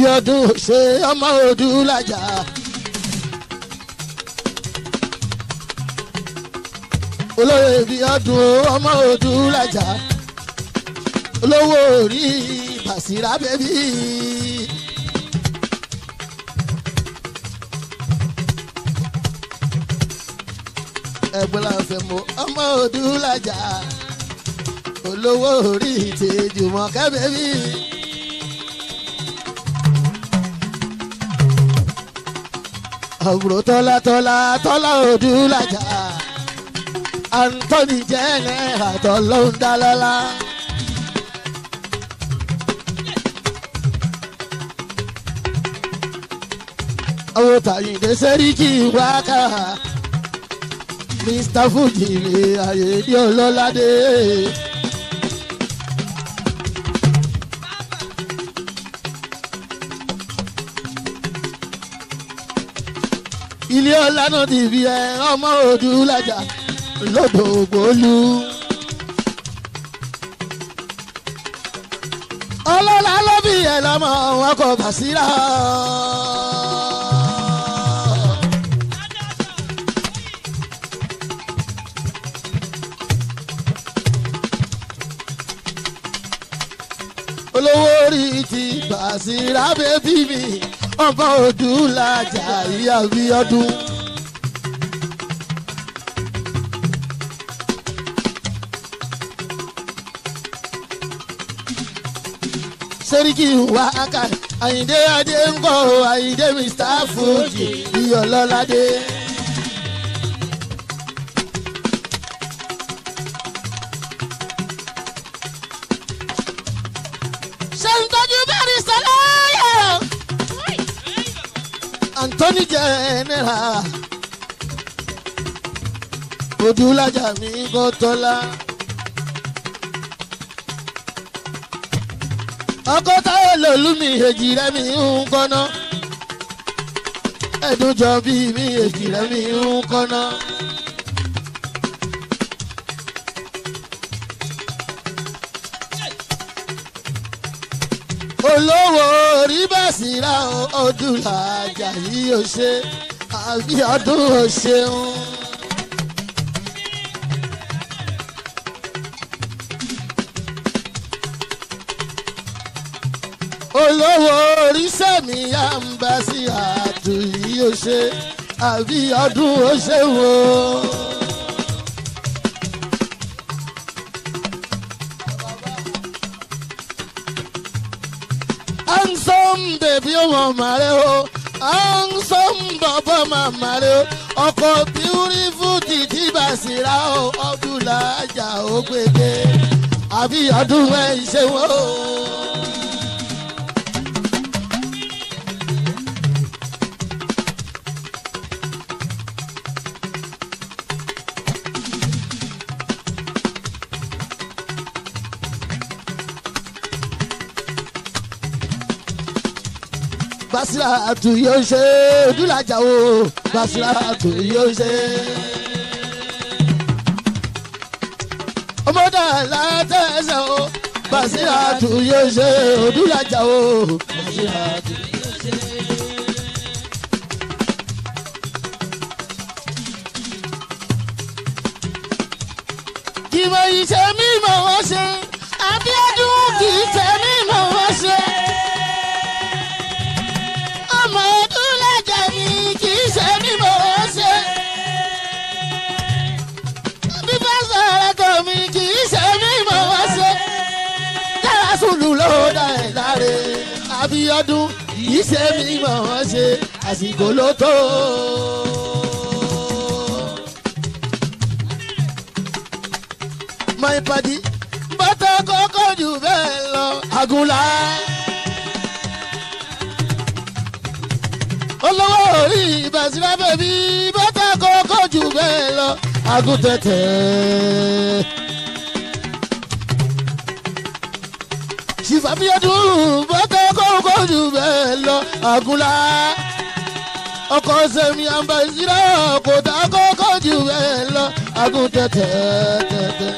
A: bí ọdún ṣe ọmọ Odúlájà. olóyè bí ọdún ọmọ Odúlájà olówó orí Bàṣírà bẹ́bí. ẹ̀gbọ́n làǹfẹ̀ mọ́ ọmọ Odúlájà olówó orí tèjùmọ̀ kẹ́bẹ́bí. àwùrọ̀ tọ́lá tọ́lá tọ́lá òdúlàjà Anthony jẹ́lẹ̀ àtọ́lọ́ńdálọ́lá. àwọn tàyíǹde sẹ́ríkì wákà Mr Fuji ni ayé ní ọlọ́ládé. lánàá ti fi ẹ ọmọ òdu lájà lọ́dọ̀ ògbólú. ọlọ́lá ló bí ẹ lọ́mọ wọn kò bà síra. olówó rí ti bà síra bébí mi ọba òdu lájà ìyá bí ọdún. Sẹ́ríkì Wákàtí Àyìndé Adé ń kọ́ Àyìndé Mr Fuji Iyọ̀lọ́ládé. ṣe ń tọ́jú bẹ́ẹ̀rẹ̀ sọ́láyà. Anthony General Odúlájà mi kò ọkọ táyọ̀ lòlú mi èjì rẹ mi ń kọ́nà ẹ̀dùn jọ bí mi èjì rẹ mi ń kọ́nà. olówó orí ra ọdún làjà yìí ó ṣe àbí ọdún ó ṣeun. ṣe àbí ọdún ó ṣe wò. handsome baby ọmọ màrẹ o handsome bàbá màmá rẹ o ọkọ̀ beautiful títí bàṣírà o ọdún làájà ó gbèdé àbí ọdún ẹ̀ ṣe wò. Basira àtù yóò ṣe Odúlàjà o Basira àtù yóò ṣe. ọmọdé látẹ̀sẹ̀ o Basira àtù yóò ṣe Odúlàjà o Basira àtù yóò ṣe. kí wọ́n yìí ṣe iṣẹ́ mi mọ̀ ọ́n ṣe àsìkò ló tó. my padi bàtà kọ́kọ́ jù bẹ́ẹ̀ lọ àgùnlá. olówó orí ìbàsílẹ̀ bẹ̀bí bàtà kọ́kọ́ jù bẹ́ẹ̀ lọ àgùntẹ̀tẹ̀. ṣìfàbíyẹ́dùn jù bẹ́ẹ̀ lọ àgúnlá ọkọ̀ sẹ́mi àǹbàṣírà kò tá kọ́kọ́ jù bẹ́ẹ̀ lọ àgùn tẹ̀tẹ̀tẹ̀tẹ̀.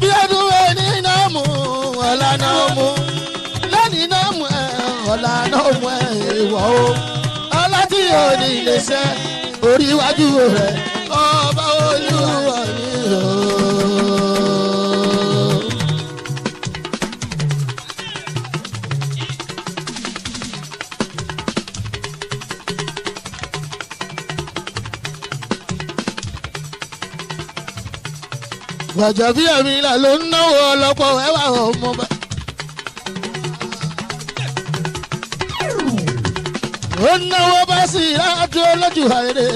A: bí ọdún wẹ̀ ní náà mú ọ̀la náà mú lẹ́nìí náà mú ẹ̀ ọ̀la náà mú ẹ̀ ìwọ̀ o ọlá tí yóò ní ilé orí iwájú rẹ̀. gbàjọ bí ẹ̀mí là ló ń náwó ọlọ́pọ̀ ẹwà ọmọ bá. ó ń náwó bá sí ìlàjú olójú àìrè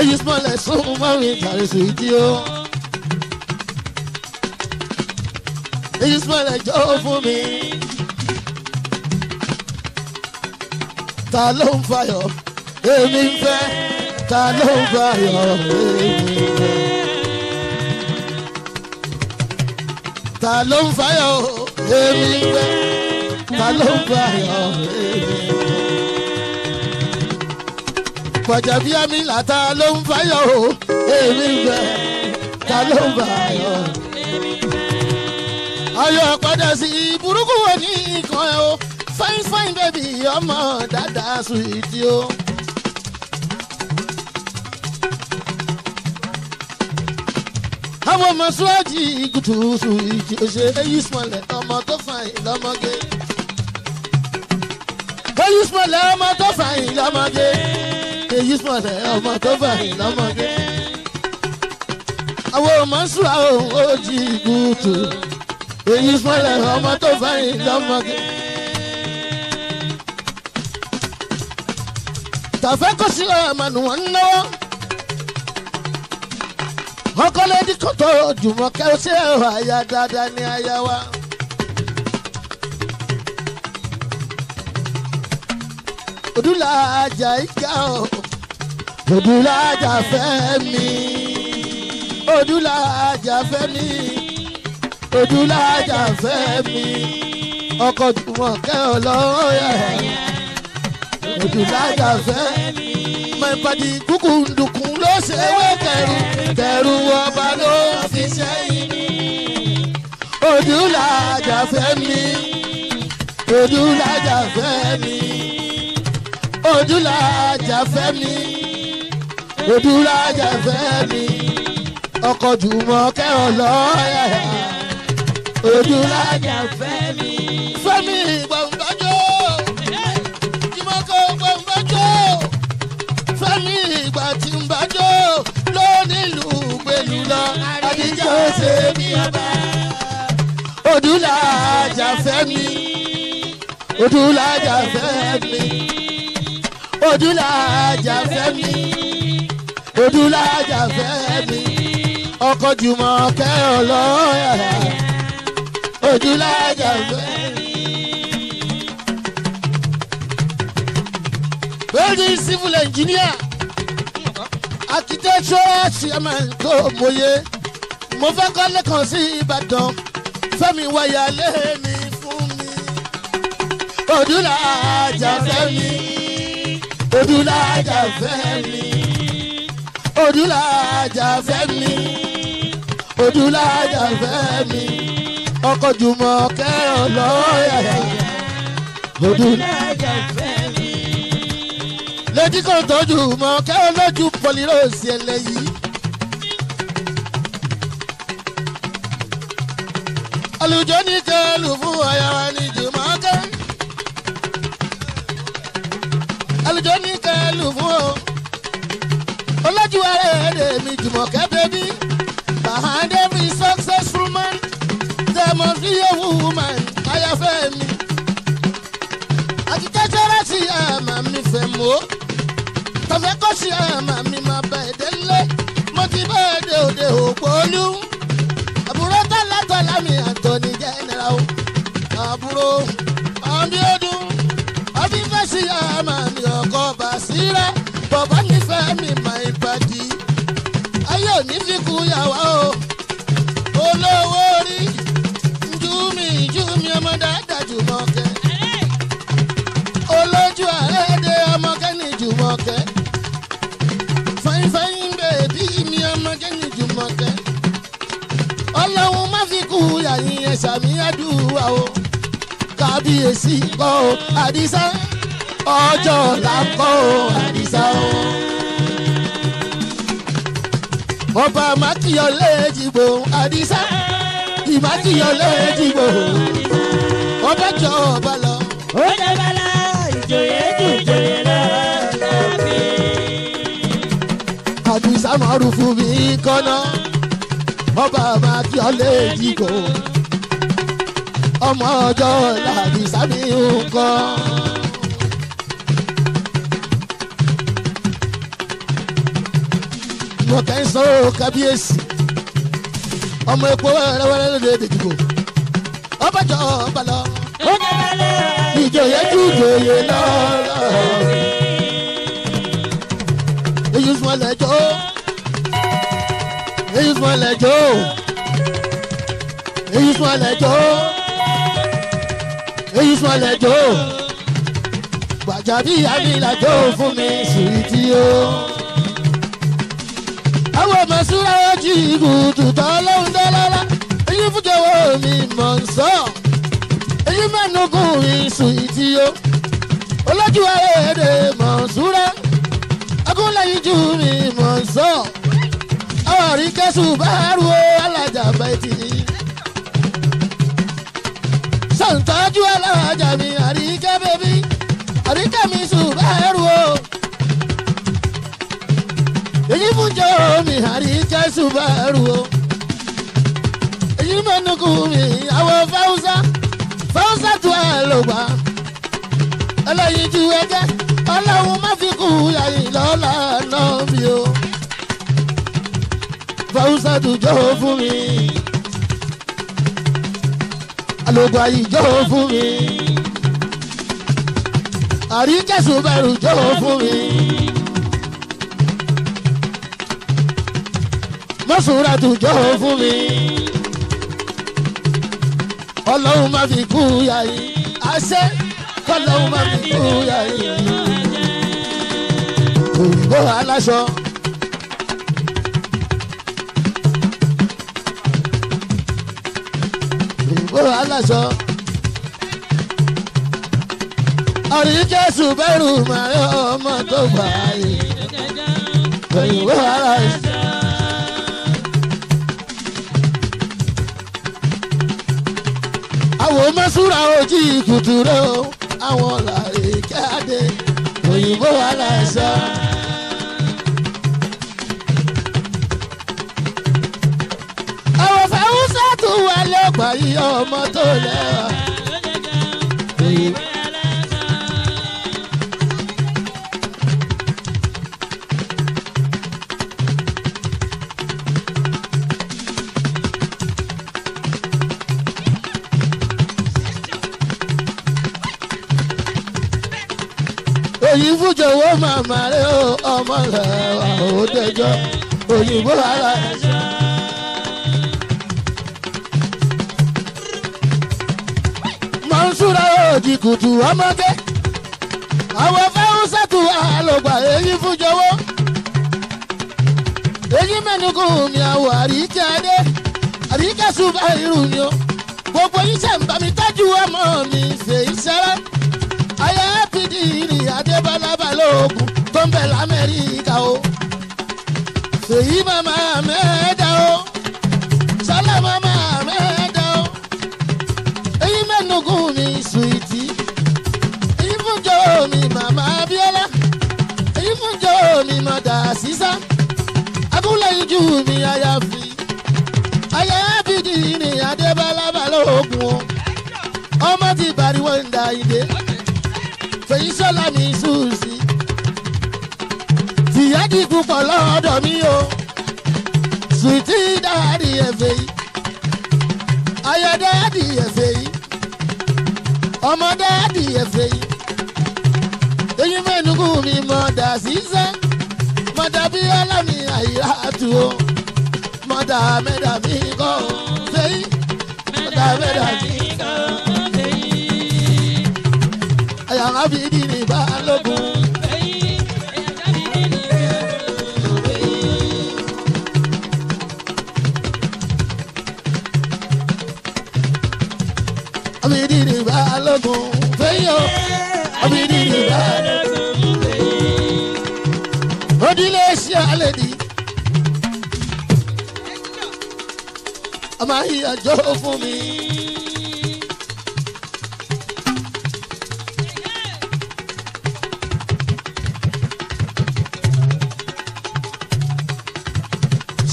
A: èyí sọlẹ̀ sún mọ́rin ìtàrí sí ìdí o. èyí sọlẹ̀ jọ fún mi. ta ló ń fayọ̀ èmi ń fẹ́ ta ló ń fayọ̀ èmi ń fẹ́. ta ló ń fayọ̀ èmi gbẹ ta ló ń fayọ̀ èmi gbẹ. pọ̀jà bí àmì làtà ló ń fayọ̀ èmi gbẹ ta ló ń fayọ̀. ayọ̀ padà sí burúkú wọ̀ ní ìkan ẹ̀ o fine fine baby ọmọ dáadáa sùn ìdí o. ọmọ ọmọ síwájú ìkùtùsù ìjì òṣè èyí sùmọ̀lẹ̀ ọmọ tó fàyìn lọ́mọge. èyí sùmọ̀lẹ̀ ọmọ tó fàyìn lọ́mọge. èyí sùmọ̀lẹ̀ ọmọ tó fàyìn lọ́mọge. àwọn ọmọ sùwà òun ó jí ọmọ tó fàyìn lọ́mọge. tàfẹ́ kọ́sílẹ̀ àmàlù wọn náwó ọkọlẹ́dí kan tọrọ jùmọ̀ kẹ́ ọ sí ẹ̀rọ àyà dáadáa ní àyà wa. òdúlà àjà ìjà o òdúlà àjà fẹ́mi òdúlà àjà fẹ́mi òdúlà àjà fẹ́mi ọkọ̀ jùmọ̀ kẹ́ ọ lọ́wọ́ yẹ òdúlà àjà fẹ́mi ọmọ ìpàdé kúkúndùkún ló ṣe wé kẹrù kẹrù ọba ló fi sẹ́yìn ní. Odúlàjà Fẹ́mi Odúlàjà Fẹ́mi Odúlàjà Fẹ́mi Odúlàjà Fẹ́mi ọkọ Jùmọ̀kẹ́ ọlọ́yà Odúlàjà Fẹ́mi. ìgbà tí ń bá jó ló nílùú gbèlú lọ àdìjọ́ ṣe ní ọba odúlàjà fẹ́mi odúlàjà fẹ́mi odúlàjà fẹ́mi odúlàjà fẹ́mi ọkọ jùmọ̀ kẹ́ ọlọ́yà odúlàjà fẹ́mi. Building civil engineer architectural chairman tó mòye mo fẹ́ kọ́lé kan sí Ìbàdàn Fẹ́mi wáyálé mi fún mi òdúlà àjàfẹ́mi òdúlà àjàfẹ́mi òdúlà àjàfẹ́mi òdúlà àjàfẹ́mi ọkọ̀ jùmọ̀ kẹ́ ọ̀lọ́yà òdúlà àjàfẹ́mi lẹ́jí kò tọ́jú mọ́ kẹ́ ẹ lójú pọlírọ́ọ̀sì ẹlẹ́yìí. àlùjọ ní kẹlù fún aya wa ní jùmọ̀kẹ́. àlùjọ ní kẹlù fún o. olójú ara ẹ̀ lè mi jùmọ̀kẹ́ bẹ́bí. bàhán fẹ́ kó sí àmà mi mà bẹ̀ délé mo ti bẹ́ẹ̀ de òde òpólú àbúrò tọ́látọ́lá mi àtọ́ni jẹ́nira o àbúrò ọ̀bí ọdún ọbí fẹ́ sí àmà mi ọkọ̀ bàṣírà bọ̀bọ̀ nífẹ̀ẹ́ mi mà ìbàdí ayé ò ní fi kú yàwá o. àmì àdúrà o kábíyèsí kọ́ o àdìsá ọjọ́ ọ̀la kọ́ o àdìsá o. ọba mákìyọlé jìgbò àdìsá ìmákìyọlé jìgbò ọba jọ ọba lọ. ó dẹ́gbẹ́ la ìjòyè jù ìjòyè lọ́wọ́ àdìsá márùn fún mi kọ́nà ọba mákìyọlé jìgbò ọmọ ọjọ́ làbí sábì nǹkan. mo kẹ́ ń sọ kábíyèsí ọmọ epo wẹ́rẹ́wẹ́rẹ́ lóde ìdìbò ọbàjọ́ ọbàlọ́ ìjòyè tí ìjòyè lọ́rọ̀ èyí sùn ọlẹ́jọ́ èyí sùn ọlẹ́jọ́ èyí sùn ọlẹ́jọ́. Ismail jó Gbàjàbí àdìlájó fún mi sùwìtì o. àwọn ọmọ síra ojú ìgùdù tọ́ lóhùn dọ́lọ́lá èyí mi mọ̀ ń sọ èyí mẹ́nugún mi sùwìtì o. olójú ayéde mọ̀ ń súra agúnlẹ̀yìn mi mọ̀ ń sọ. àwọn àríkẹ́sù bá rú alájà bẹ́ẹ̀ tì ń tọ́jú ọlọ́jà mi àríkẹ́ bèbí àríkẹ́ mi sùn bẹ́ẹ̀ o. èyí fún jọ mi àríkẹ́ sùn bẹ́ẹ̀ rú o. èyí mẹ́nukú mi àwọn fáwùsá fáwùsá tó ẹ̀ ló gbà. ẹlẹ́yin ju ẹgẹ́ ọlọ́run má fi kú yàyìn lọ́la náà mi o. fáwùsá tó jọ fún mi àlògùn ayé jọ̀wọ́ fún mi. àrí jésù bẹ̀rù jọ̀wọ́ fún mi. mọ́sùnrà tún jọ̀wọ́ fún mi. ọlọ́run má fi kú ya yìí. àṣẹ kọ́lọ́run má fi kú ya yìí. òyìnbó aláṣọ. aláṣọ. àríkẹ́ ṣùgbẹ́rù màrẹ́ ọmọ tó gbà yìí òyìnbó aláṣọ. àwọn mẹ́sùrà ojì kùtùrẹ́ o àwọn làríkẹ́ adé òyìnbó aláṣọ. mà yí ọmọ tó lẹ́wà. èyí fújọwọ́ màmá rẹ̀ ọmọ rẹ̀ wà ó dẹjọ́ òyìnbó ara rẹ̀. Kutu ọmọdé àwọn fẹ́húnsẹ́tù àlògbà èyí fún jọ̀wọ́ èyí mẹ́nukù mi àwọ̀ àríkẹ́ adé àríkẹ́ ṣùgbọ́n irú mi o gbogbo iṣẹ́ ń bá mi tọ́jú ọmọ mi ṣe iṣẹ́ ayé pdp adébọ́lá balógun tó ń bẹ̀ lamẹ́ríkà o ṣèyí màmá mẹ́rin. mi àyàfi àyàfi dì í ní adébálá balógun o ọmọ ti bàríwọ̀ ń da ìdè fèyí sọ́lá mi ṣùṣì tìyá di púpọ̀ lọ́dọ̀ mi o sùtì dáadì ẹ̀fẹ̀ yìí ayọ̀dáadì ẹ̀fẹ̀ yìí ọmọdáadì ẹ̀fẹ̀ yìí eyín mẹ́nugún mi mọ̀ dà sí sẹ́. Abíọ́lá ni àyíráàtú o mọ̀dà mẹ́dà mi kọ́ sẹ́yìn mọ̀dà mẹ́dà mi kọ́ sẹ́yìn. àyàrá fi di ní balógun. special lady. a máa yí ẹjọ́ fún mi.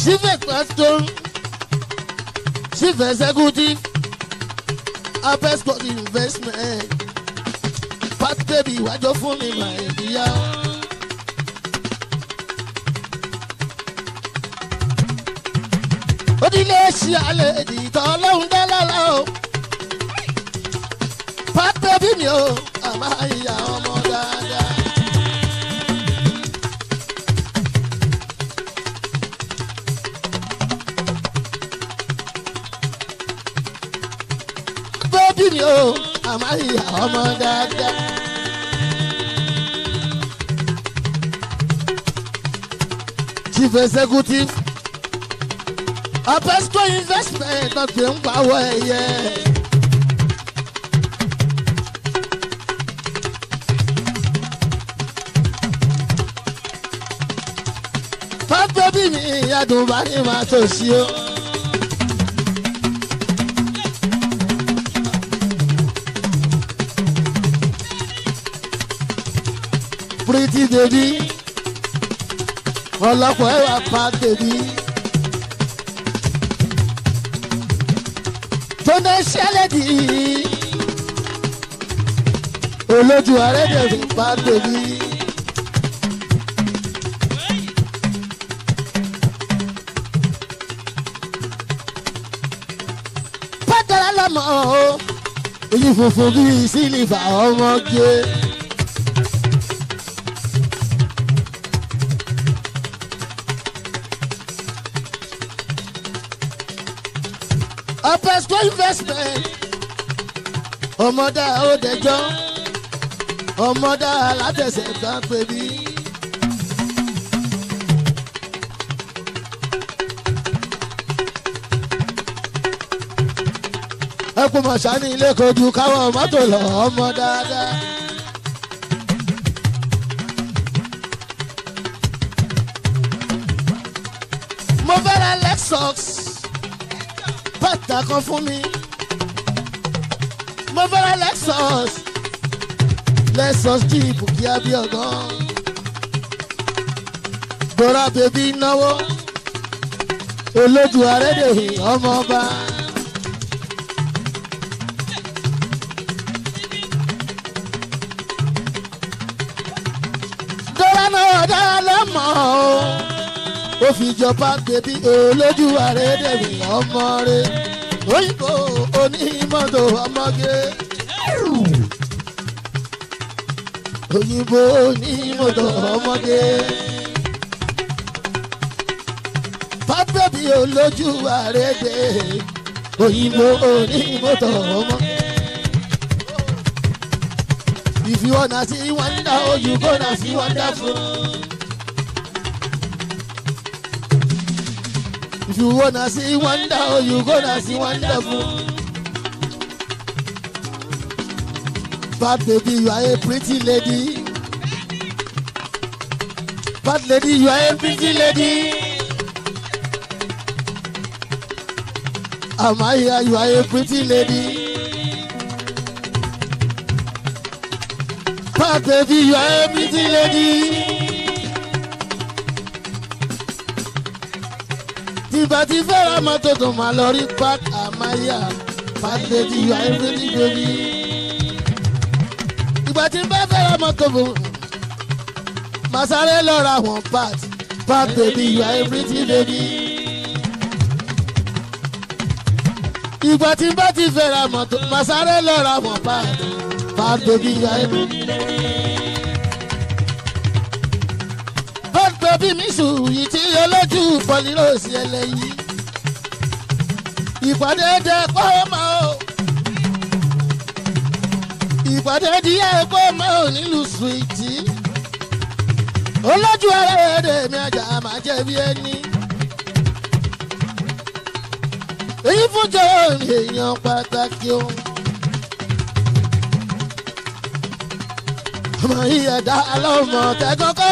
A: chief executive chief executive apex investment pat baby wájọ fún mi máa After investment, nothing power, yeah. Pápá bí mi ìyàdùn bá ní màá tó sí o. Pretty baby, ọlọ́pàá ẹ̀wà pa baby. special lady olójú àrẹ́dẹ̀ẹ́dẹ̀ bá tóbi. pátá lọ́mọ o èyí funfun bíi sílífà ọmọge. investment ọmọdá ó dẹjọ́ ọmọdá alátẹ̀sẹ̀ gbà pé bí. ẹ kú mọ̀ṣá ní ilé kojú káwọn mọ́tò lọ ọmọ dáadáa. bàtà kan fún mi mo fẹ́ ra Lexus Lexus jíìpù kí á bí ọgán dora bèbí náwó olójú arédèhì ọmọ ọba. ó fi jọba bèbí olójú àrédèrè ọmọ rẹ̀ òyìnbó onímọ́tò ọmọge. òyìnbó onímọ́tò ọmọge. pápẹ́bí olójú àrẹ́gbẹ́ òyìnbó onímọ́tò ọmọge. If you wanna see wonder, oh, you gonna see wonderful. you wanna see wonder, oh, you gonna see wonderful. Bad baby, you are a pretty lady. Bad lady, you are a pretty lady. Am I here? you are a pretty lady. Bad baby, you are a pretty lady. ìgbà tí fẹ́ra mọ́tò tó máa lọ rí park amaya pàtẹ́tì yọ ayélujára lórí. ìgbà tí bá fẹ́ra mọ́tò fún màá sáré lọ ra wọn pàtì pàtẹ́tì yọ ayélujára lórí. ìgbà tí bá ti fẹ́ra mọ́tò màá sáré lọ ra wọn pàtì pàtẹ́tì yọ ayélujára lórí. jésù yìí tí olójú pọlíròsì ẹlẹ́yìn ìpàdé jẹ kó máa o ìpàdé díẹ̀ kó máa o nílùú suwìtì olójú ara ẹ̀ẹ́dẹ̀ mi àjà máa jẹ bí ẹni. èyí fún jọ̀wọ́ èèyàn pàtàkì o. ọmọ yìí ẹ̀dá lọ́mọ tẹ́gọ́kọ́.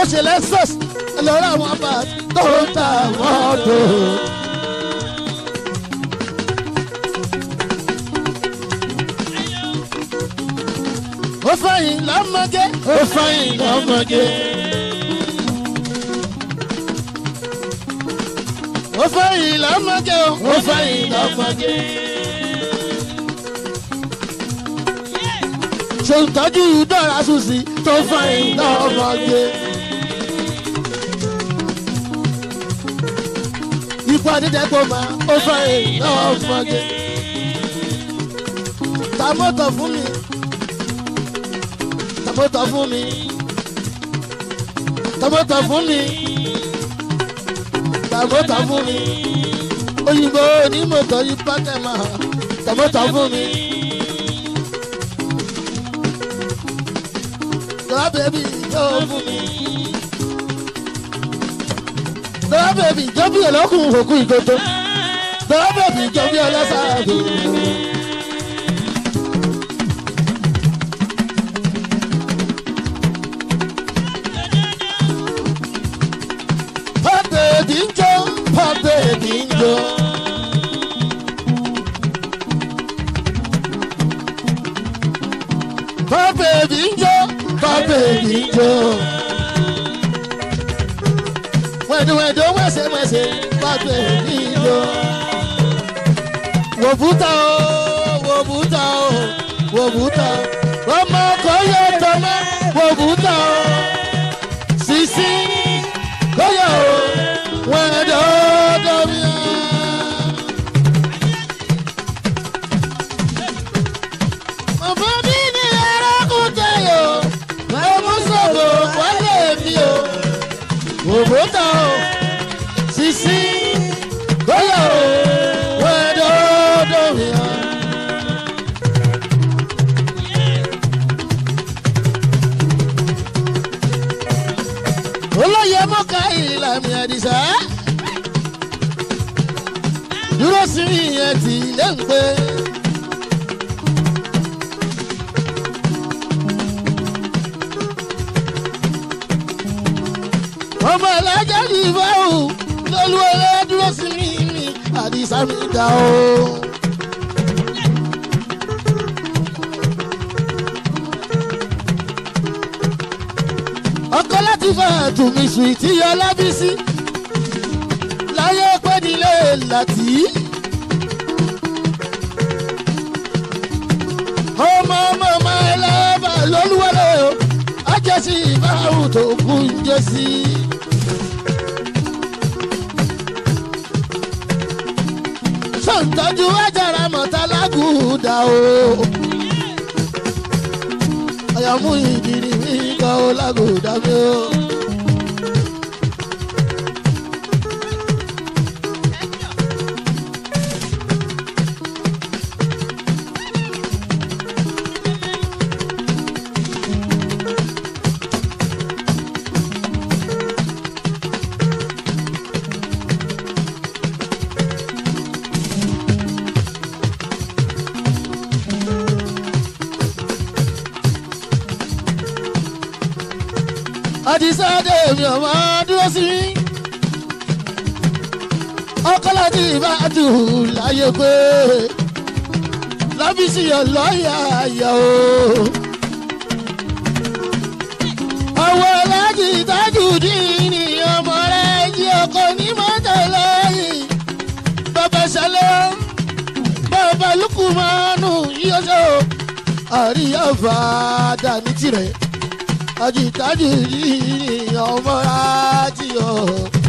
A: bó ṣe lẹ́sọ̀s lọ́rọ̀ àwọn bá tó ń ta wọ́n tó. ó fẹ̀yìn lọ́mọge ó fẹ̀yìn lọ́mọge. ó fẹ̀yìn lọ́mọge ó fẹ̀yìn lọ́mọge. ṣe ń tọ́jú dọ́ra sùn sí tó fẹ̀yìn lọ́mọge. ikú adídẹ́gbò máa ó fẹ́ rè lọ́wọ́ òfúnge. ta mọ́tò fún mi ta mọ́tò fún mi ta mọ́tò fún mi ta mọ́tò fún mi òyìnbó onímọ̀tò yìí pátẹ̀ máa ta mọ́tò fún mi. lọ́wọ́ bẹ́ẹ̀ yóò fún mi sọ bèbí jọ bí ọlọ́kùn òkú ìkótó sọ bèbí jọ bí ọlọ́sàdù. pàtẹ́ẹ̀dì ń jó pàtẹ́ẹ̀dì ń jó. pàtẹ́ẹ̀dì ń jó pàtẹ́ẹ̀dì ń jó. wẹ́sẹ̀wẹ́sẹ̀ pàtó èmi yọ. wò búta o wò búta o wò búta o ọmọ kò tọmọ wò búta o sísí kò o. dẹ́gbẹ́. ọmọ alájà ní ìfẹ́ o lọ́lú ọlẹ́ dúró sí mi mi àdìsá mi dá o. ọkọ láti fẹ́ ẹ̀tùmí sùn ìtìyọ lábísí. tó gúnjẹ sí. sọ̀ǹtọ́jú ajára mọ̀tá lágùúdà o. àyàmú ìdìrí mi kọ́ ọ lágùúdà mi o. ti bá tù láyé pé lọ́fíìsì yẹn lọ́ọ̀yà àyà o. ọwọ́ láti tájù dín ní ọmọ rẹ̀ yí ọkọ ní mọ́tò lẹ́yìn. bàbá sálẹ̀ bàbá lukumanu yíyọ́sọ̀ àríyá fàdà ní tirẹ̀ àjìtájù dín ọmọ rẹ̀ àti ọ̀.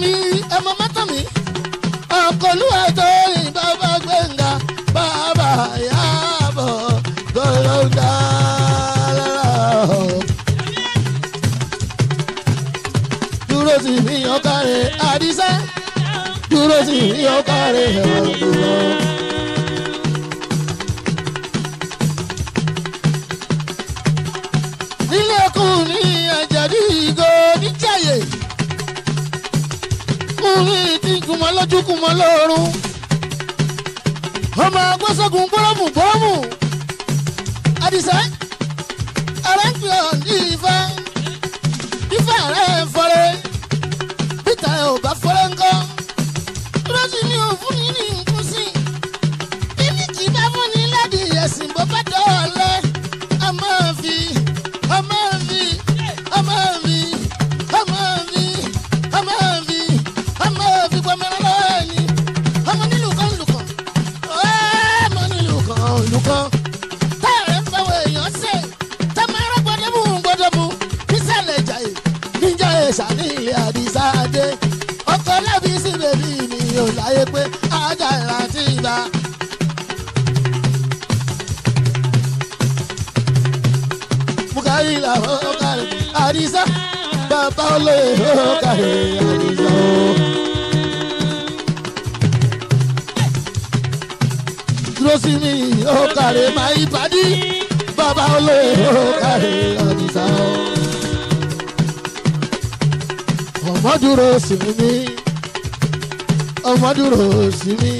A: mi ẹ mọ mọ́tò mi ọkọlù ẹ̀tọ́ yìí bàbá gbẹ̀ngà bàbá yàbọ̀ gọ́lọ́dà lára. dúró sí mi ọkàrẹ̀ àdìsá dúró sí mi ọkàrẹ̀ ọ̀dùnrún. ọmọ lọ́rùn ọmọ agbésọ́gun gbọ́rọ̀mù gbọ́rọ̀mù àdìsá láyé pé ajá ìrántí ìgbà. Bukari la ó kàrí Àdìsá bàbá olóyè ó kàrí Àdìsá ó. Dúró sí mi ó kàrí Màí Bàdí bàbá olóyè ó kàrí Àdìsá ó. sí mi ọmọ dúró sí mi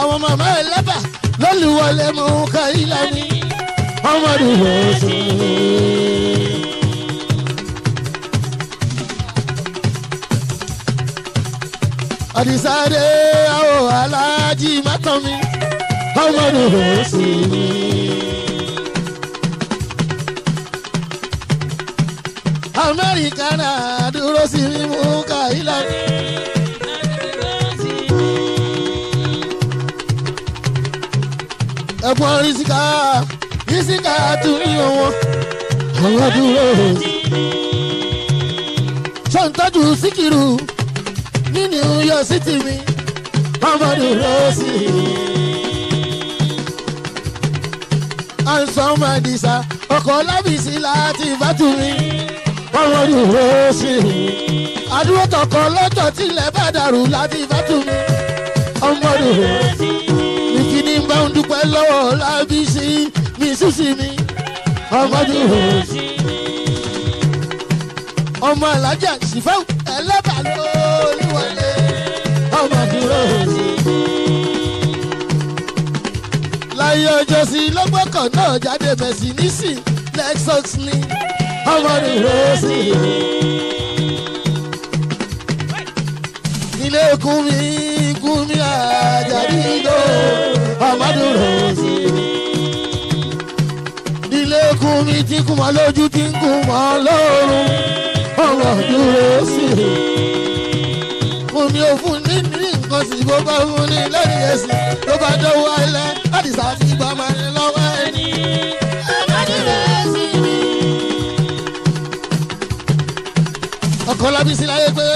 A: ọmọ màmá ẹ lẹ́bà lọ́lùwọlé mú káyílá ni ọmọ dúró sí mi. àdìsáde àwọ̀ aláàjì mọ́tàn mi ọmọ dúró sí mi. amẹ́ríkà náà dúró sí mi mú káyílá ni. ẹ̀fọ́ rísíkà rísíkà tún yíyan wọn àwọn dúró. ṣọ́ǹtọ́jú síkìrù ní New York City mi ọmọ dúró sí i. àǹsọ̀ máa dìsá ọkọ̀ lábìsí láti bàtú mi ọmọ dúró sí i. àdúró tọkọ lọ́jọ́ tilẹ̀ bá dàrú láti bàtú mi ọmọ dúró ọlọ́run dúpẹ́ lọ́wọ́ lábísí mi sísì mi ọmọdé òsì mi ọmọ alájà sífẹ́ ẹlẹ́bàá lóríwọlé ọmọdé òsì mi. láyé ọjọ́ sí lọ́gbọ́kọ̀ náà jáde mẹ̀sì nísì lexus ni ọmọdé òsì mi. ilé ikú mi jàdídò amadu rose. ilé kún mi ti kún mọ́ lójú ti ń kún mọ́ lọ́rùn ọmọ dúró sí i. mo ní òfun ní ní nǹkan sí bó bá fún ní lẹ́yìn ẹ̀sìn tó bá dọ́wọ́ ẹlẹ́ láti ṣàfihàn máa ń lọ́wọ́ ẹni. amadu lábísí láyé pé.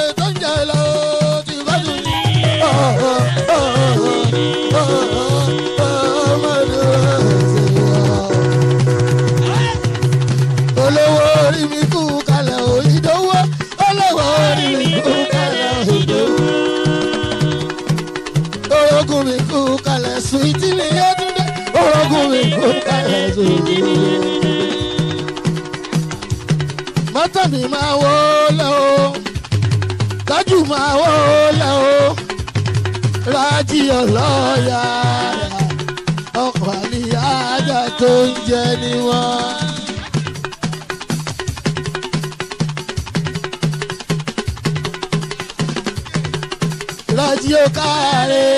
A: mi máa wó lẹ́ o tájú máa wó lẹ́ o rájí ọlọ́ọ̀yà ọkọ̀ àníyájà tó ń jẹ ní wọn. rájí ó káre.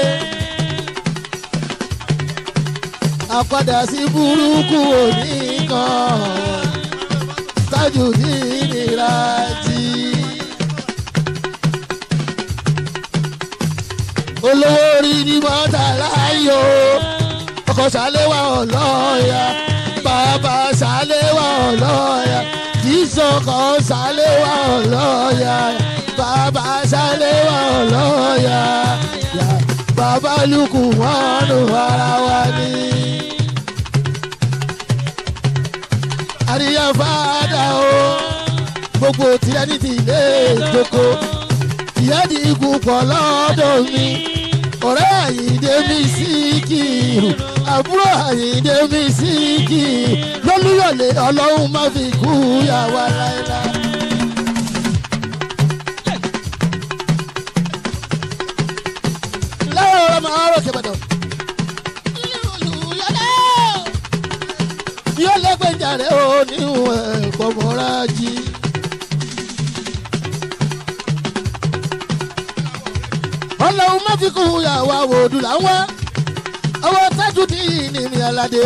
A: àpadà sí burúkú òní kan tájù ní aláàjì. olówó orí ni mọ́tà láàyò ọkọ̀ sálẹ́wà ọlọ́ọ̀yà bàbá sálẹ́wà ọlọ́ọ̀yà jísọ̀kọ̀ sálẹ́wà ọlọ́ọ̀yà bàbá sálẹ́wà ọlọ́ọ̀yà bàbá lukùn wọn nù ara wa ni. àríyá fàdà o gbogbo tilẹ̀ ní ti ilé ìjoko ìyáàdì igun pọ̀ lọ́dọ̀ mi ọ̀rẹ́ àyíǹde mi sí kìrù àbúrò àyíǹde mi sí kìrù lọ́lúyọ̀lé ọlọ́run má fi kú yà wá láéláé. ọdún yàwá wòdù làwọn ọwọ́ tájú ní ìnìmí aládé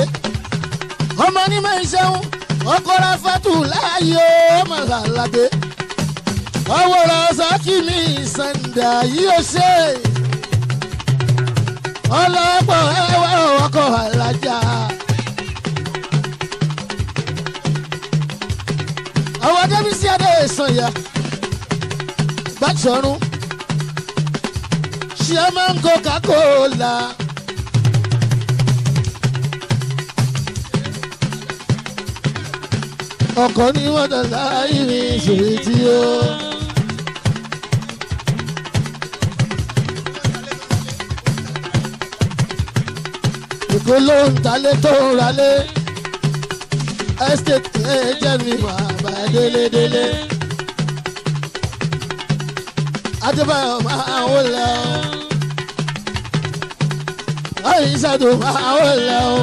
A: ọmọ ní mẹ́sàn-án ọkọ rafatu láàyè ọmọ aládé ọwọ́ rasaki ní sàǹdà yìí ó ṣe ọlọ́pọ̀ ẹwà ọkọ̀ alájà. àwọn adébísí adé sànyà gbàtsọ̀rùn. Chairman Coca-Cola. ọkọ̀ ní wọ́n tẹ̀ láì ní ìṣèlú tí ó. ìkó ló ń talé tó ń ralé estate ẹ jẹ́ mi bàbá délédélé. adébáyọ̀ máa ń wọlé ọ́ àyíṣà tó máa ó lẹ o.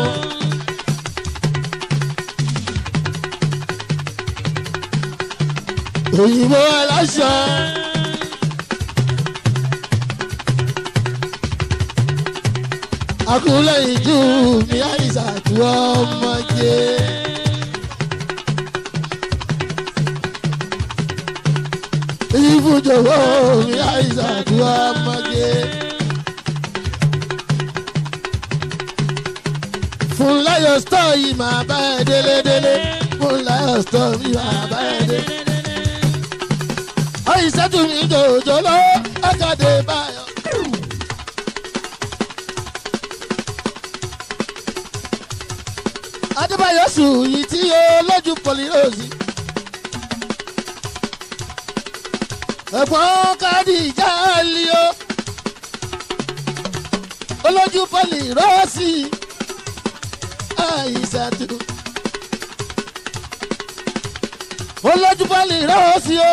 A: òyìnbó aláṣọ. akúlẹ̀ ìjú mi àyíṣà tó ọmọdé. ibu jowo mi àyíṣà tó ọmọdé. Fúnláyọ̀ stọ̀ yìí máa bá ẹ délé délé. Fúnláyọ̀ stọ̀ mi máa bá ẹ délé. Ọyìn sẹ́tù mi jòjò lọ, ọ̀kadà báyọ̀. Adébáyọ̀ sùn yìí tí ó lójú pọ̀lìrọ́ọ̀sì. ẹ̀gbọ́n káàdì ìjà lio olójú bọ́ọ̀lì rọ́ọ̀sì. Àìṣàtú. olójú pálí rẹ̀ ó sí o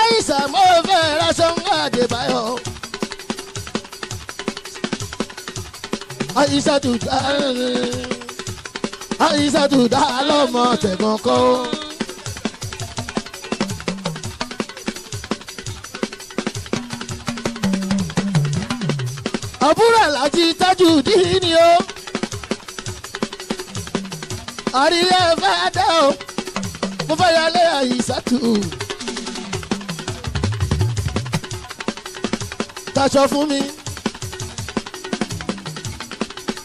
A: Àìṣà mo fẹ́ raṣọ ń Àdébáyọ̀. Àìṣàtú dá Àìṣàtú dá lọ́mọ tẹ̀gàn kọ́ o. àbúrò alájí tájú àríyá fẹ́ dá o mo fẹ́ yọlé àyíṣàtú. taṣọ fún mi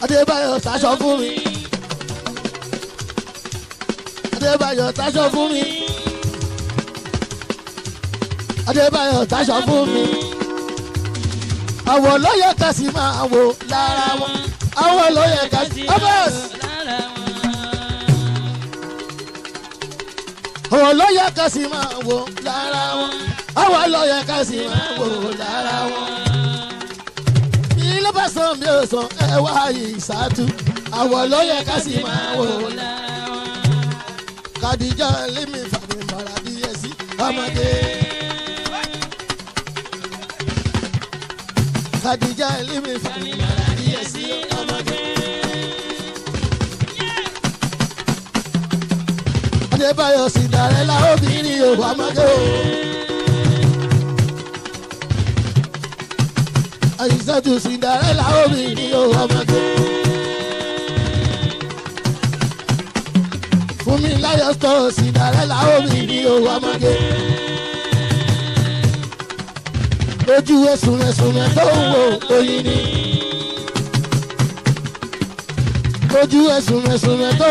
A: adébáyọ̀ taṣọ fún mi adébáyọ̀ taṣọ fún mi adébáyọ̀ taṣọ fún mi àwọn ló yẹ ká sì máa wò lára wọn àwọn ló yẹ ká sì máa wò lára wọn. òun ló yẹ ká sì máa wò lára wọn àwa ló yẹ ká sì máa wò lára wọn. mi ló bá sàn mi ò sàn ẹ wá ìṣáàtú àwa ló yẹ ká sì máa wò lára wọn. kàdíjà lémi fàmì mọ̀ra bí ẹ ọmọdé. kàdíjà lémi fàmì mọ̀ra. Adébáyọ̀ Cinderella obìnrin ò wá mọ́tò. Àyíṣẹ́tù Cinderella obìnrin ò wá mọ́tò. Fúnmiláyọ̀ Store Cinderella obìnrin ò wá mọ́tò. Lójú ẹ̀sùn ẹ̀sùn wo oyin ni ojú ẹ̀sùn ẹ̀sùn ẹ̀ tó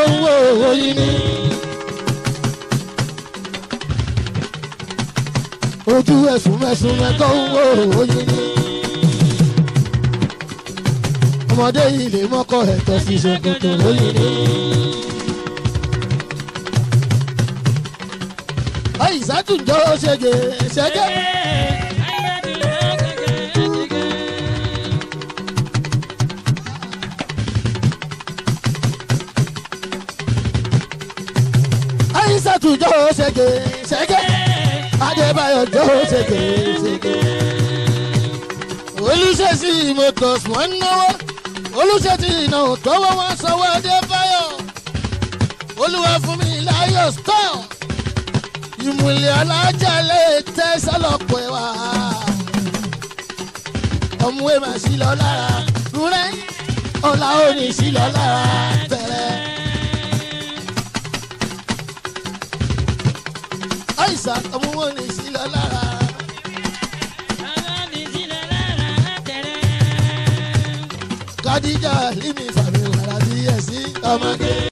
A: ń ni. ojú ẹ̀sùn mẹ́sùn mẹ́kọ́ ń wò oyin ni. ọmọdé yìí lè mọ́kọ ẹ̀tọ́ sí ṣòkòtò lóyin ni. àìsàtúnjọ́ ṣẹ́gẹ́ ṣẹ́gẹ́. àìsàtúnjọ́ ṣẹ́gẹ́ ṣẹ́gẹ́. Adébáyọ̀jọ́ ṣègèṣègè. olùṣèṣì motors wọ́n ń náwó olùṣèṣì ìnáwó tọ́wọ́ wọn sanwó Adébáyọ̀ olúwa fún mi láyọ̀ stọ́ọ̀ ìmùlẹ̀ alájà lè tẹ́ sọ́lọ́pẹ̀ wá ọmọ máa sí lọ lára rúrẹ́ ọ̀la ò sí lọ lára bẹ̀rẹ̀. àìsàn ọmọ wọn ní Khadija limi fami wàrà bí ẹ̀sìn ọmọge.